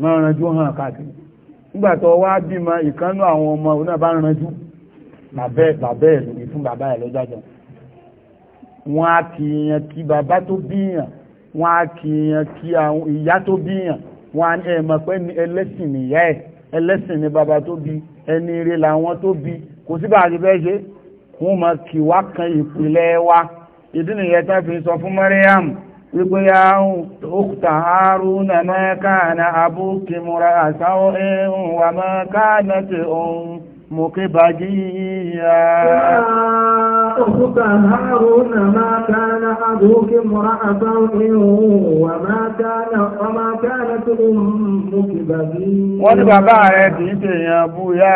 márànjú hàn káàkiri nígbàtọ̀ wá bímọ ìkánú àwọn ọmọ oná bàbẹ́ fún bàbá ẹ̀ wọ́n á kí bàbá tó bíyàn wọ́n á kí ìyá tó bíyàn wọ́n pẹ́ ní ẹlẹ́sìn ẹlẹ́sìn ni bàbá tó bí ẹni rí làwọn tó bí kò sí bàbá fẹ́ ṣe wọ́n máa kì wá kan ìpìlẹ̀ wa ìdí nìyẹn tá fi sọ fún Mariam wípé ya òkúta Haruna máa káàna abúkí múra àsáwọ́ ẹ̀hùn wà máa káàna tí òun mọ̀kébàjíyà فكهارون ما كان أبوك امرأ وما كان وما كانت أمك wọ́n ní bàbá rẹ̀ kì í ṣe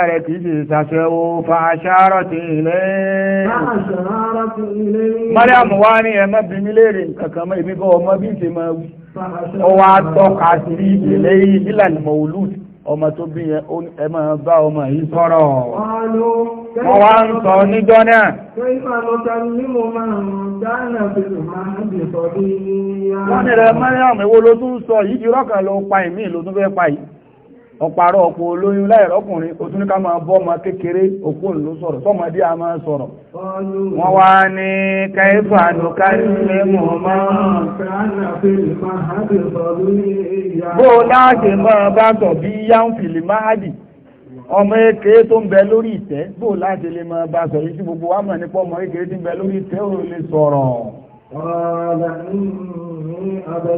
rẹ̀ kì í فأشارت إليه فأشارت إليه Mariam ní ẹ̀mọ́ bí mi léèrè nǹkan kan mọ́ bí tọ́ka sí ilé ìlànà mọ̀wúlù ọmọ tó bí bá ọmọ yìí wọ́n wá ń sọ níjọ́ náà. wọ́n ní rẹ̀ mẹ́rìnàmù ló tún sọ yìí ti rọ́kàn ló pa ìmí ló tún fẹ́ pa yìí ọ̀pàrọ̀ ọ̀pọ̀ olóyún láìrọ́kùnrin tún ní ká máa bọ́ ọmọ kékeré òkú sọ̀rọ̀ sọ́mọdé a máa sọ̀rọ̀ wọ́n wá ní kẹfà máa ń ọmọ ekele tó ń bẹ lórí ìtẹ́ bó láti lè máa bá sọ̀rọ̀ gbogbo wa mọ̀ nípa ọmọ èké tí ń bẹ lórí ìtẹ́ ò lè sọ̀rọ̀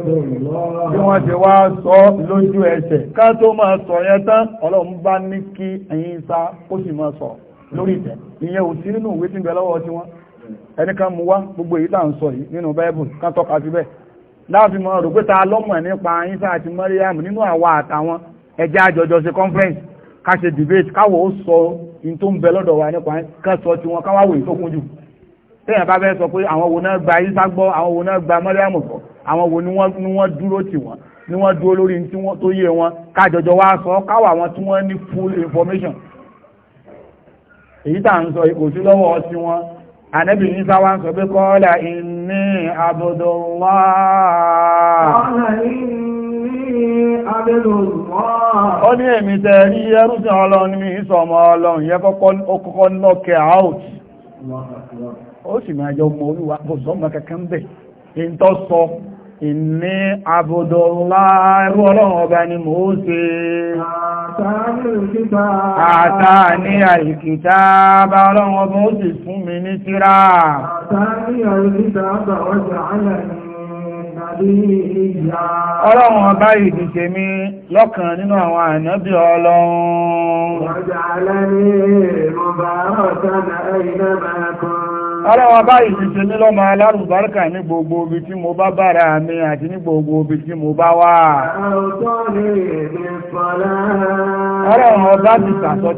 bí wọ́n ti wá sọ lójú ẹsẹ̀ ká tó máa sọ yẹn tán ọlọ́run bá ní kí ẹ̀yin sá ó sì sọ lórí ìtẹ́ ìyẹn ò sí nínú ìwé tí ń bẹ lọ́wọ́ gbogbo èyí ń sọ yìí nínú ká tọ́ka sí bẹ́ẹ̀ ta lọ́mọ̀ nípa sá àti mọ́ríyàmù nínú àtàwọn ẹjẹ́ ká ṣe debate káwọ̀ ó sọ in tó ń bẹ lọ́dọ̀ wa nípa kán sọ tí wọn káwáwò yìí tó kún jù tẹ́yìn bá fẹ́ sọ pé àwọn wo náà gba isa gbọ́ àwọn wo náà gba mọ́lẹ́mù gbọ́ àwọn wo ni wọ́n dúró tì wọ́n ni wọ́n dúró lórí tó yé wọn kájọjọ wá sọ káwọ̀ àwọn tí wọ́n ní full information èyí tà ń sọ kò sí lọ́wọ́ ọtí wọn Ànábì Ìsá ó ní èmi tẹ́ rí ẹrúsìn ọlọ́run mi sọ ọmọ ọlọ́run yẹ kọ́kọ́ nọ́kẹ́ out ó sì máa jọ mọ̀ olúwa kò sọ́mọ kankan bẹ̀ in tó sọ ìní àbòdọ̀lá ẹrú ọlọ́run Ọlọ́run ọba ìdí ṣe mí lọ́kàn nínú àwọn ànábí Ọlọ́run. Wọ́n jà lẹ́rí mọ̀ bá ọ̀tọ́ ọlọ́wọ́ báyìí ti ṣe mí lọ́mọ alárùbáríkà ní gbogbo obi tí mo bá bára mi àti ní gbogbo obi tí mo bá wà ọlọ́wọ́ bá ti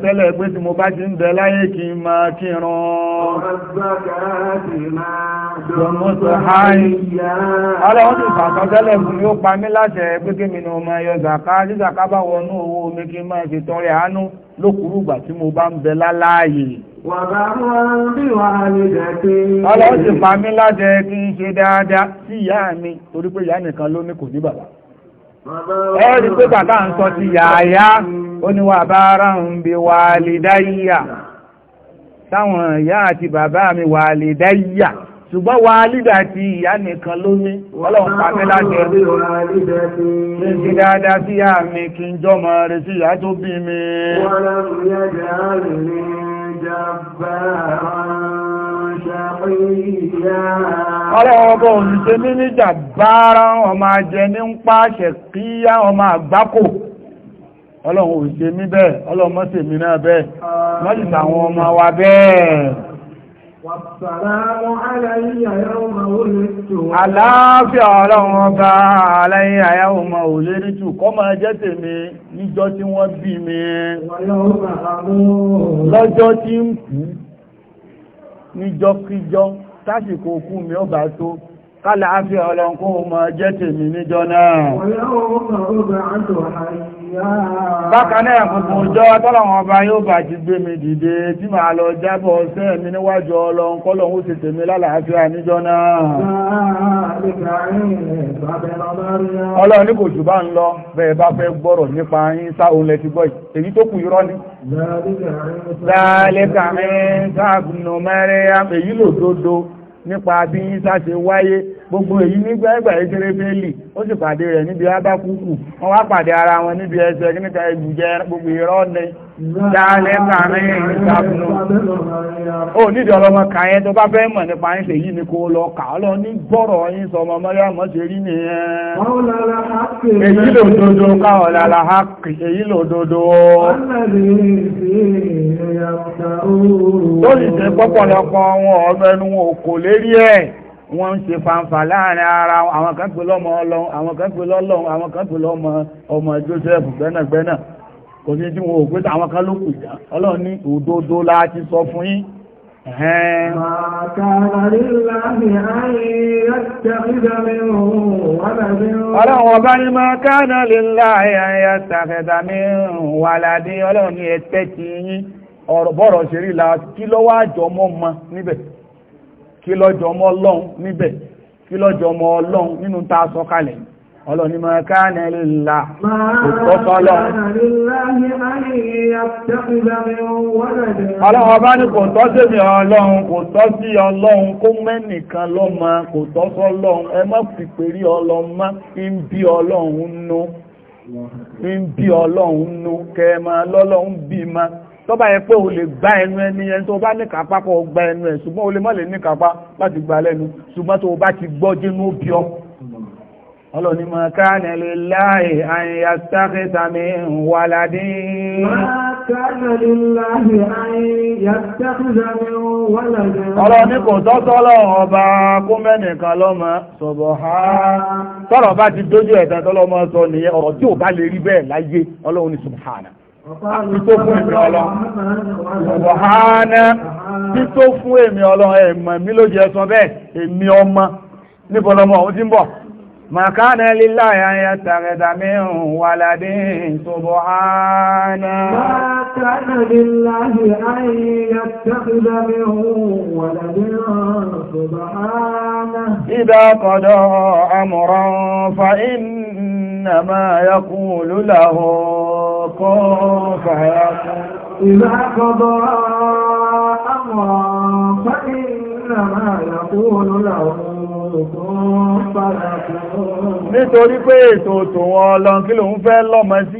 tẹ́lẹ̀ pé tí mo bá ti ń bẹ láyé kí n máa ti tẹ́lẹ̀ fún pa mí kí Ọlọ́run ti pa mí láti kí n ṣe dáadáa sí ìyá mi torí pé ìyá nìkan ló ní kò ní bàbá. Ẹ rí pé bàbá ń sọ ti yàáyá ó ní wà bá ara ń bí wà lè dáyíyà. Táwọn ìyá àti bàbá mi wà lè dáyíyà. Ṣùgbọ́n wà lídà ti ìyá nìkan ló ní ọlọ́run pa láti kí ṣe dáadáa sí ìyá mi kí n jọmọ ọlọ́ọ̀bọ̀ òṣìṣẹ́ ní níjà bára ọmọ ajẹ́ ní ń pàṣẹ kí yá ọmọ àgbákò ọlọ́run òṣìṣẹ́ mi bẹ́ẹ̀ ọlọ́mọ́sẹ̀ mi náà bẹ́ẹ̀ mọ́sìtà àwọn ọmọ wa bẹ́ẹ̀ Àláàfíà ọlọ́run ọba aláyé àyáwò ma ò lè rí jù kọ́ máa jẹ́ tèmi níjọ́ tí wọ́n bí mi lọ́jọ́ tí ń kú níjọ́ kíjọ́ tásìkò kú mi ó bá tó kálàáfíà ọlọ́run kó máa jẹ́ tèmi níjọ́ náà bákan náà gbogbo ọjọ́ tọ́lọ̀wọ̀n ọba yóò bà jí gbé mi dìde tí màá lọ jábọ̀ ọ̀sẹ́ mi níwájú ọlọ́run kọ́lọ̀hún ó sì tèmi lálàáfíà níjọ́ náà ọlọ́run ní kò jù bá ń lọ bẹ́ẹ̀ bá fẹ́ gbọ́rọ̀ nípa yín sá òun lẹ ti gbọ́ èyí tó kù irọ́ ni láàlẹ́kà mẹ́rin sáàbùnú mẹ́rin èyí lòdodo nípa bí yín sá ṣe wáyé gbogbo èyí nígbà ẹgbà ìkéré fẹ́lì ó sì pàdé rẹ̀ níbi abákúkù wọ́n wá pàdé ara wọn níbi ẹsẹ̀ níta ìgbùjẹ gbogbo ìrọ́ ní dáálẹ́ láàrin ìsàbùnú ó nídìí ọlọ́mọ kan yẹn tó bá fẹ́ mọ̀ lọ lọ wọ́n ń ṣe fanfa láàrin ara àwọn kan pè lọ́mọ ọlọ́run àwọn kan pè lọ́lọ́run àwọn kan pè lọ́mọ ọmọ Joseph gbẹ́nàgbẹ́nà kò sí tí wọn ò pé àwọn kan ló kù já ọlọ́run ní òdodo láti sọ fún yín Ọlọ́run ọba ní máa káàdà lè láàrin tàfẹ́ta mẹ́rin wà ọlọ́run ní ẹ̀tẹ́ ti yín ọ̀rọ̀ ṣe rí la kí lọ́wọ́ àjọ mọ́ mọ́ níbẹ̀. kí lọ́jọ́ ọmọ ọlọ́run níbẹ̀ kí lọ́jọ́ ọmọ ọlọ́run nínú ta a sọ kalẹ̀ ọlọ́ni mọ̀ ká nílá òtọ́sọ́lọ́ bá ní ọlọ́run kò ọlọ́run kó mẹ́nìkan bí kẹ ma lọ́lọ́run bí tó bá pé o lè gba ẹnu ẹni ẹni tó bá ní kápá o gba ẹnu ẹ ṣùgbọ́n o lè má lè ní kápá láti gba lẹ́nu ṣùgbọ́n tó o bá ti gbọ́ dínú bí ọ. ọlọ́ni ma kana lillahi an yattakhidha min waladin. ma kana lillahi an yattakhidha min waladin. ọlọ́ni kò tọ́tọ́ lọ́wọ́ ọba kó mẹ́nìkan lọ́mọ sọ̀bọ̀ ha. tọ́rọ̀ bá ti dójú ẹ̀tàn tọ́lọ́mọ sọ tító fún èmi ọlọ́run fún èmi ọlọ́run ẹ̀mọ̀ mi ló jẹ́ sọ bẹ́ẹ̀ èmi ọmọ níbo lọmọ ti ń bọ̀ màkánà lílá àyà tàrẹ̀dà mẹ́rùn wà ládé ìṣòbò ààrẹ màkánà lílá àyà tàrẹ̀dà mẹ́rùn wà ládé ìṣòbò ààrẹ ìdá حقا فيقول إذا قضى أمرا فإنما يقول له nítorí pé ètò tòun ọlọ́n kí lòun fẹ́ lọ́mọ sí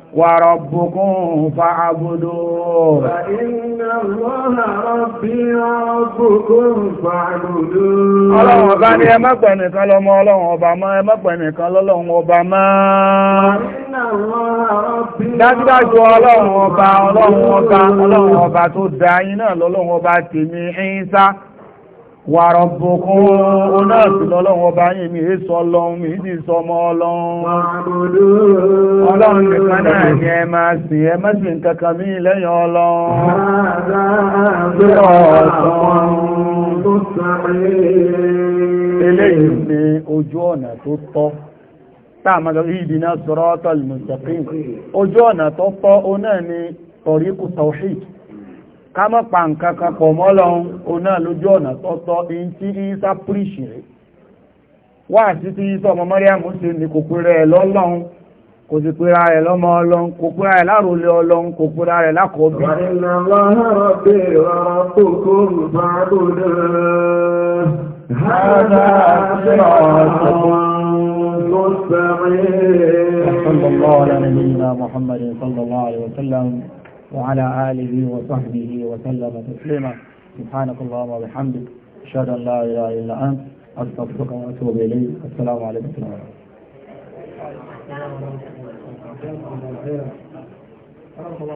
وربكم فاعبدوه فإن الله ربي ربكم فاعبدوه ọlọ́run ọba ní ẹ má pè nìkan lọ́mọ ọlọ́run ọba mọ́ ẹ má pè nìkan lọ́lọ́run ọba mọ́ dájúdájú ọlọ́run ọba ọlọ́run ọba ọlọ́run ọba tó dá yín náà lọ́lọ́run ọba tèmi Ìsá wà rọ̀bùkún oná ìpìlọ ọlọ́run ọba yìí mi è sọ ọlọ́run mi ìdí sọ ọmọ ọlọ́run ọlọ́run nìkan náà ni ẹ máa sì ẹ mẹ́sì kankan mí lẹ́yìn ọlọ́run eléyìí ni ojú ọ̀nà tó tọ́ táàmàlọ ìdínà ká mọ́ pa nǹkan kan pọ̀ mọ́ lọ́hun o náà lójú ọ̀nà tọ́tọ́ in tí isa píríṣì rẹ̀ wá sí tí isa ọmọ mọ́ríàmù ṣe ni kò ẹ̀ lọ́lọ́hun kò sì pèrà rẹ̀ lọ́mọ ọlọ́hun kò pèrà rẹ̀ lárólé ọlọ́hun kò pèrà rẹ̀ lákọ̀ọ́bí هذا صراط مستقيم صلى الله وعلى آله وصحبه وسلم تسليما سبحانك اللهم وبحمدك أشهد أن لا إله إلا أنت أستغفرك وأتوب إليك السلام عليكم ورحمة الله وبركاته